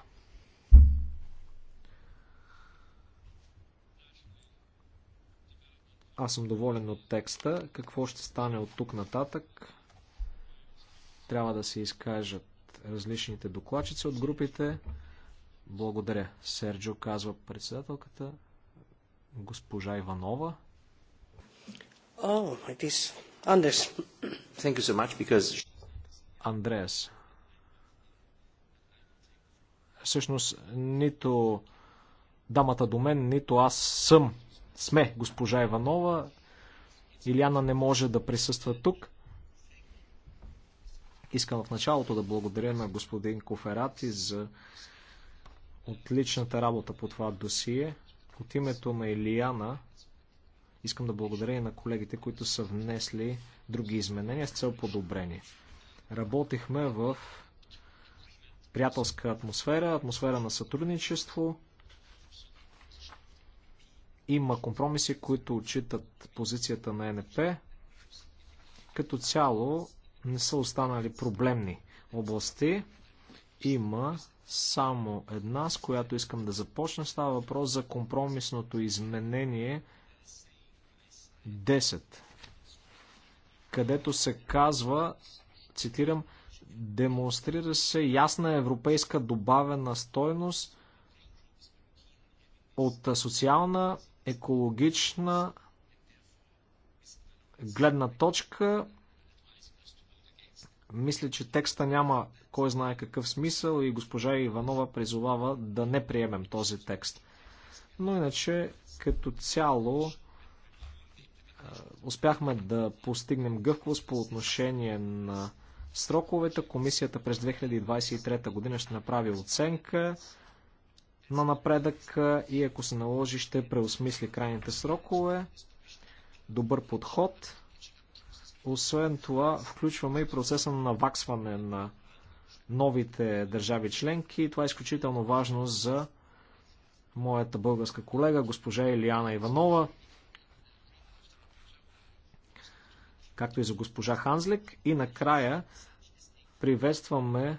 Аз съм доволен от текста. Какво ще стане от тук нататък? трябва да се изкажат различните докладчици от групите. Благодаря. Серджо казва председателката. Госпожа Иванова. О, oh, Thank you so much because... Андреас. Всъщност, нито дамата до мен, нито аз съм, сме госпожа Иванова. Иляна не може да присъства тук. Искам в началото да благодаря на господин Коферати за отличната работа по това досие. От името на Илияна искам да благодаря и на колегите, които са внесли други изменения с цел подобрение. Работихме в приятелска атмосфера, атмосфера на сътрудничество. Има компромиси, които отчитат позицията на НП. Като цяло не са останали проблемни области. Има само една, с която искам да започна. Става въпрос за компромисното изменение 10, където се казва, цитирам, демонстрира се ясна европейска добавена стойност от социална, екологична гледна точка мисля, че текста няма кой знае какъв смисъл и госпожа Иванова призовава да не приемем този текст. Но иначе, като цяло, успяхме да постигнем гъвкост по отношение на сроковете. Комисията през 2023 година ще направи оценка на напредък и ако се наложи ще преосмисли крайните срокове. Добър подход. Освен това, включваме и процеса на наваксване на новите държави членки. Това е изключително важно за моята българска колега, госпожа Илияна Иванова, както и за госпожа Ханзлик. И накрая приветстваме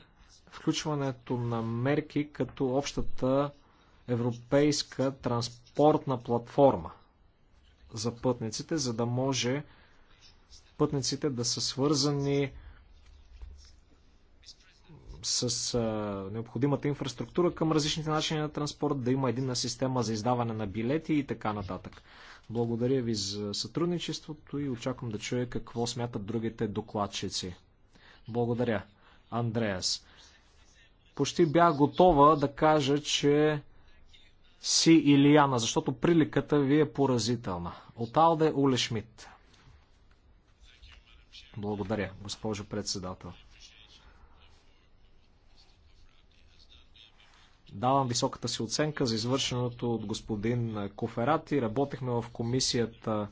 включването на мерки като общата европейска транспортна платформа за пътниците, за да може пътниците да са свързани с а, необходимата инфраструктура към различните начини на транспорт, да има единна система за издаване на билети и така нататък. Благодаря ви за сътрудничеството и очаквам да чуя какво смятат другите докладчици. Благодаря, Андреас. Почти бях готова да кажа, че си Илияна, защото приликата ви е поразителна. От Алде Улешмит. Благодаря, госпожо председател. Давам високата си оценка за извършеното от господин Коферати. Работехме в комисията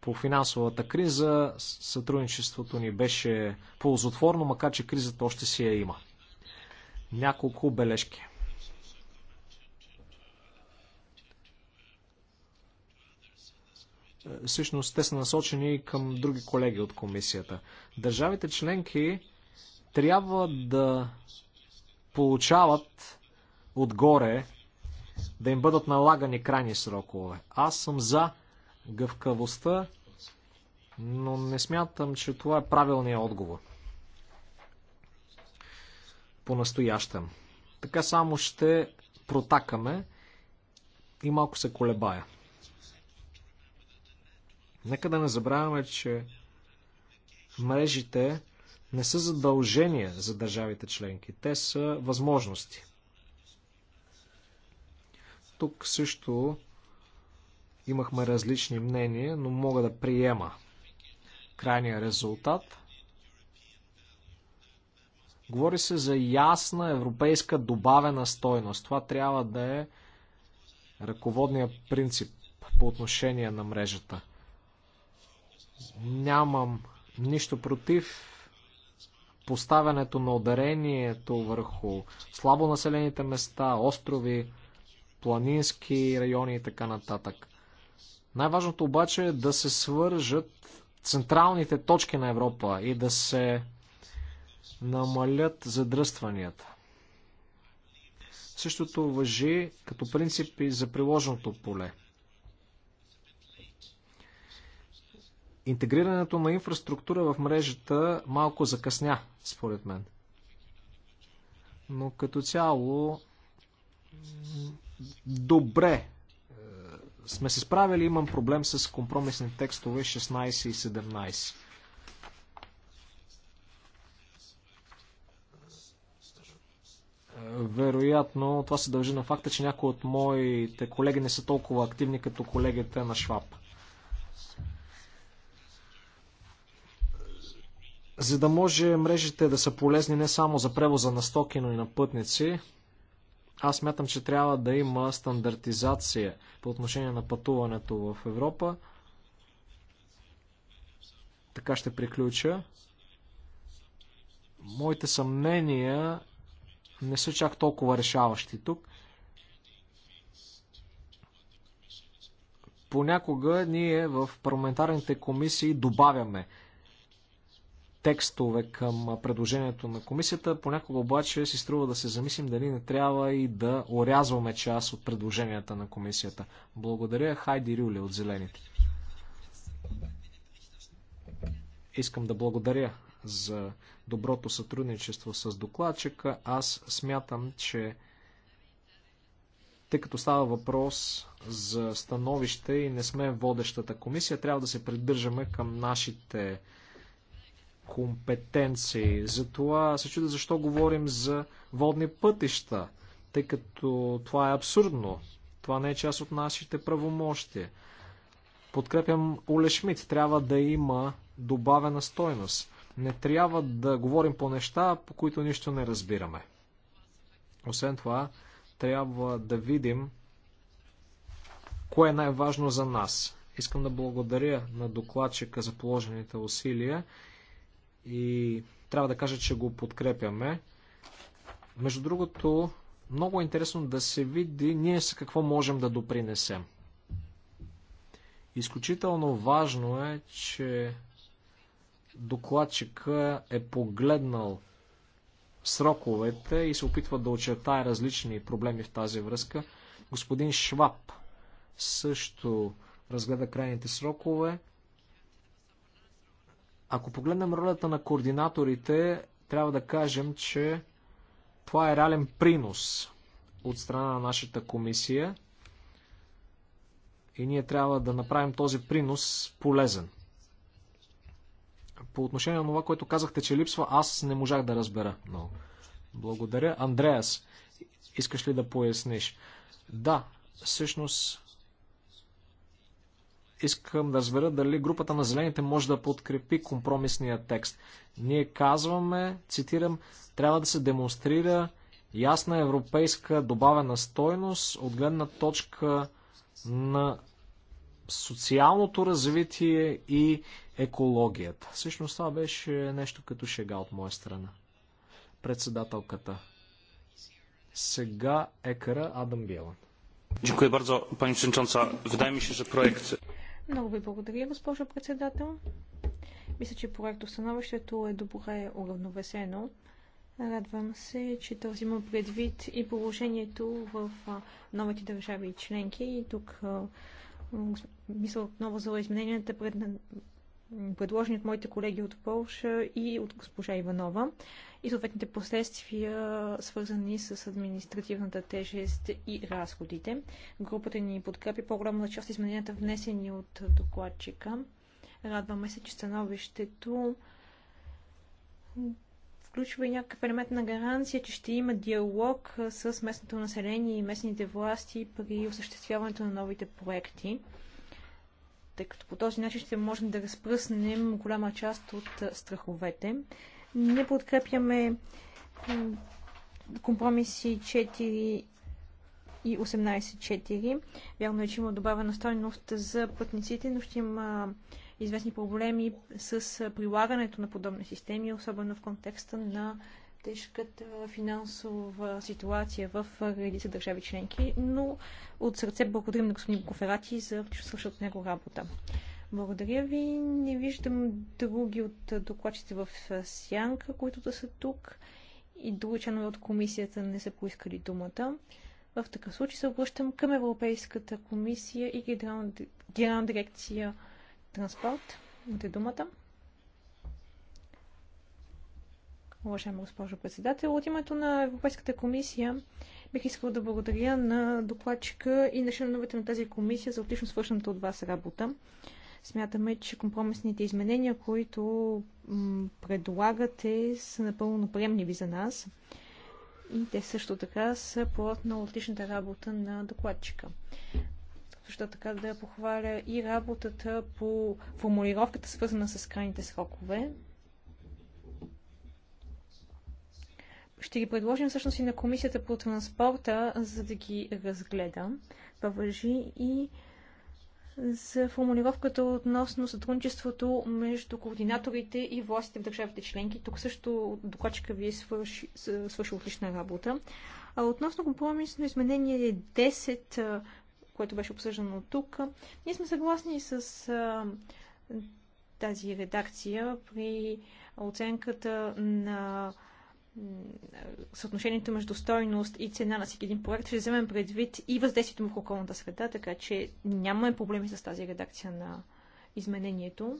по финансовата криза. Сътрудничеството ни беше ползотворно, макар че кризата още си я има. Няколко бележки. Е, всъщност те са насочени към други колеги от комисията. Държавите членки трябва да получават отгоре, да им бъдат налагани крайни срокове. Аз съм за гъвкавостта, но не смятам, че това е правилният отговор. По-настоящем. Така само ще протакаме и малко се колебая. Нека да не забравяме, че мрежите не са задължения за държавите членки. Те са възможности. Тук също имахме различни мнения, но мога да приема крайния резултат. Говори се за ясна европейска добавена стойност. Това трябва да е ръководният принцип по отношение на мрежата – Нямам нищо против поставянето на ударението върху слабо населените места, острови, планински райони и така нататък. Най-важното обаче е да се свържат централните точки на Европа и да се намалят задръстванията. Същото въжи като принципи за приложеното поле – Интегрирането на инфраструктура в мрежата малко закъсня, според мен. Но като цяло добре е, сме се справили, имам проблем с компромисни текстове 16 и 17. Е, вероятно, това се дължи на факта, че някои от моите колеги не са толкова активни като колегите на Шваб. За да може мрежите да са полезни не само за превоза на стоки, но и на пътници, аз мятам, че трябва да има стандартизация по отношение на пътуването в Европа. Така ще приключа. Моите съмнения не са чак толкова решаващи тук. Понякога ние в парламентарните комисии добавяме текстове към предложението на комисията. Понякога обаче си струва да се замислим дали не трябва и да орязваме част от предложенията на комисията. Благодаря Хайди Рюле от Зелените. Искам да благодаря за доброто сътрудничество с докладчика. Аз смятам, че тъй като става въпрос за становище и не сме водещата комисия, трябва да се придържаме към нашите компетенции. Затова се чудя защо говорим за водни пътища, тъй като това е абсурдно. Това не е част от нашите правомощи. Подкрепям Оле Шмидт. Трябва да има добавена стойност. Не трябва да говорим по неща, по които нищо не разбираме. Освен това, трябва да видим кое е най-важно за нас. Искам да благодаря на докладчика за положените усилия и трябва да кажа, че го подкрепяме. Между другото, много е интересно да се види ние с какво можем да допринесем. Изключително важно е, че докладчика е погледнал сроковете и се опитва да очертае различни проблеми в тази връзка. Господин Шваб също разгледа крайните срокове. Ако погледнем ролята на координаторите, трябва да кажем, че това е реален принос от страна на нашата комисия и ние трябва да направим този принос полезен. По отношение на това, което казахте, че липсва, аз не можах да разбера Но Благодаря. Андреас, искаш ли да поясниш? Да, всъщност искам да разбера дали групата на зелените може да подкрепи компромисния текст. Ние казваме, цитирам, трябва да се демонстрира ясна европейска добавена стойност от гледна точка на социалното развитие и екологията. Всъщност това беше нещо като шега от моя страна. Председателката.
Сега
екара Адам Биелан.
Dziękuję bardzo Pani Przewodnicząca. Wydaje mi się, że projekt
много ви благодаря, госпожо председател. Мисля, че проектостановището е добре уравновесено. Радвам се, че то взима предвид и положението в новите държави и членки. И тук мисля отново за измененията пред предложени от моите колеги от Полша и от госпожа Иванова и съответните последствия, свързани с административната тежест и разходите. Групата ни подкрепи по-голямата част измененията, внесени от докладчика. Радваме се, че становището включва и някакъв елемент на гаранция, че ще има диалог с местното население и местните власти при осъществяването на новите проекти тъй като по този начин ще можем да разпръснем голяма част от страховете. Не подкрепяме компромиси 4 и 18.4. Вярно е, че има добавена стойност за пътниците, но ще има известни проблеми с прилагането на подобни системи, особено в контекста на тежката финансова ситуация в редица държави членки, но от сърце благодарим на господин Коферати за свършената от него работа. Благодаря ви. Не виждам други от докладчите в Сянка, които да са тук и други членове от комисията не са поискали думата. В такъв случай се обръщам към Европейската комисия и Генерална дирекция транспорт. Имате думата. Уважаема госпожо председател, от името на Европейската комисия бих искала да благодаря на докладчика и на членовете на тази комисия за отлично свършената от вас работа. Смятаме, че компромисните изменения, които предлагате, са напълно приемливи за нас. И те също така са плод на отличната работа на докладчика. Също така да похваля и работата по формулировката, свързана с крайните срокове. Ще ги предложим всъщност и на Комисията по транспорта, за да ги разгледа. Това въжи и за формулировката относно сътрудничеството между координаторите и властите в държавите членки. Тук също докладчика ви е свърши, свърши отлична работа. А относно компромисно изменение 10, е което беше обсъждано тук, ние сме съгласни с а, тази редакция при оценката на съотношението между стойност и цена на всеки един проект, ще вземем предвид и въздействието му в околната среда, така че нямаме проблеми с тази редакция на изменението.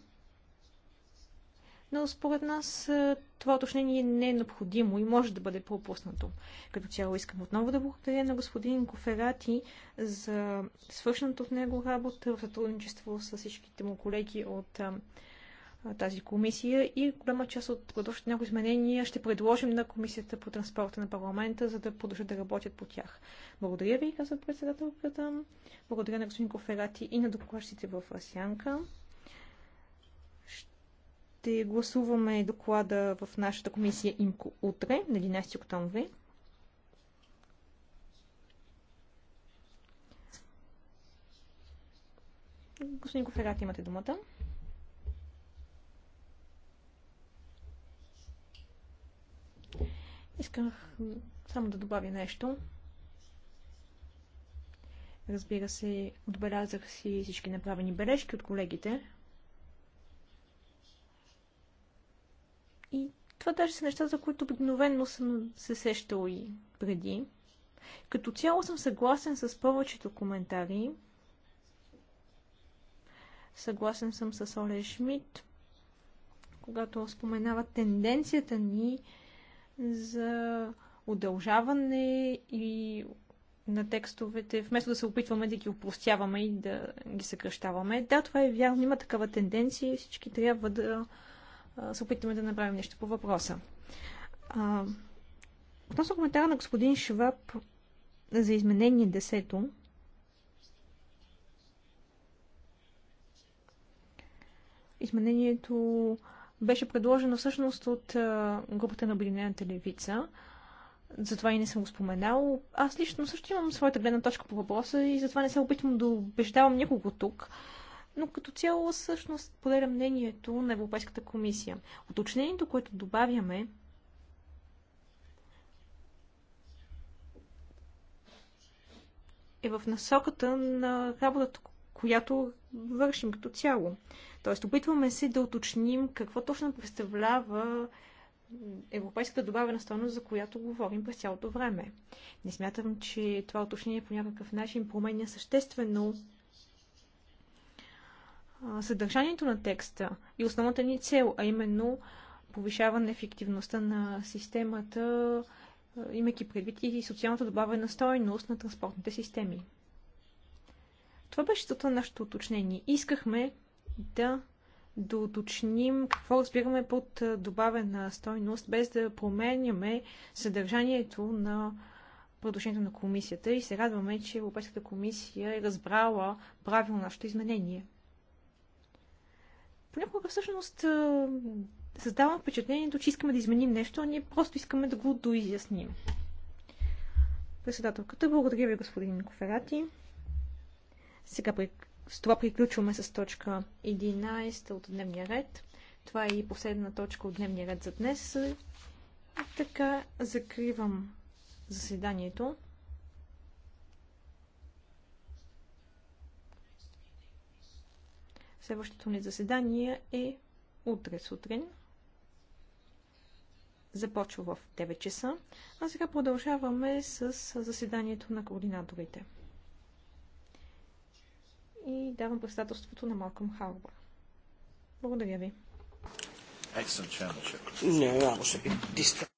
Но според нас това уточнение не е необходимо и може да бъде пропуснато. Като цяло искам отново да благодаря на господин Коферати за свършената от него работа в сътрудничество с всичките му колеги от тази комисия и голяма част от предложените някои изменения ще предложим на комисията по транспорта на парламента, за да продължат да работят по тях. Благодаря ви, казва председателката. Благодаря на господин Коферати и на докладчиците в Асянка. Ще гласуваме доклада в нашата комисия ИМКО утре, на 11 октомври. Господин Коферати, имате думата. Исках само да добавя нещо. Разбира се, отбелязах си всички направени бележки от колегите. И това даже са неща, за които обикновенно съм се сещал и преди. Като цяло съм съгласен с повечето коментари. Съгласен съм с Оле Шмидт, когато споменава тенденцията ни за удължаване и на текстовете, вместо да се опитваме да ги упростяваме и да ги съкръщаваме. Да, това е вярно, има такава тенденция и всички трябва да се опитаме да направим нещо по въпроса. А, относно коментара на господин Шваб за изменение десето. изменението беше предложено всъщност от групата на Обединената левица. Затова и не съм го споменал. Аз лично също имам своята гледна точка по въпроса и затова не се опитвам да убеждавам никого тук. Но като цяло всъщност поделя мнението на Европейската комисия. Уточнението, което добавяме, е в насоката на работата, която вършим като цяло. Тоест, опитваме се да уточним какво точно представлява европейската добавена стойност, за която говорим през цялото време. Не смятам, че това уточнение по някакъв начин променя съществено съдържанието на текста и основната ни цел, а именно повишаване ефективността на системата, имайки предвид и социалната добавена стойност на транспортните системи. Това беше това на нашето уточнение. Искахме да доуточним какво разбираме под добавена стойност, без да променяме съдържанието на предложението на комисията и се радваме, че Европейската комисия е разбрала правилно нашето изменение. Понякога всъщност създавам впечатлението, че искаме да изменим нещо, а ние просто искаме да го доизясним. Председателката, благодаря ви, господин Коферати. Сега с това приключваме с точка 11 от дневния ред. Това е и последна точка от дневния ред за днес. Така закривам заседанието. Следващото ни заседание е утре сутрин. Започва в 9 часа. А сега продължаваме с заседанието на координаторите и давам председателството на Малком Харбор. Благодаря ви.
Excellent chairmanship. No, I was a bit distant.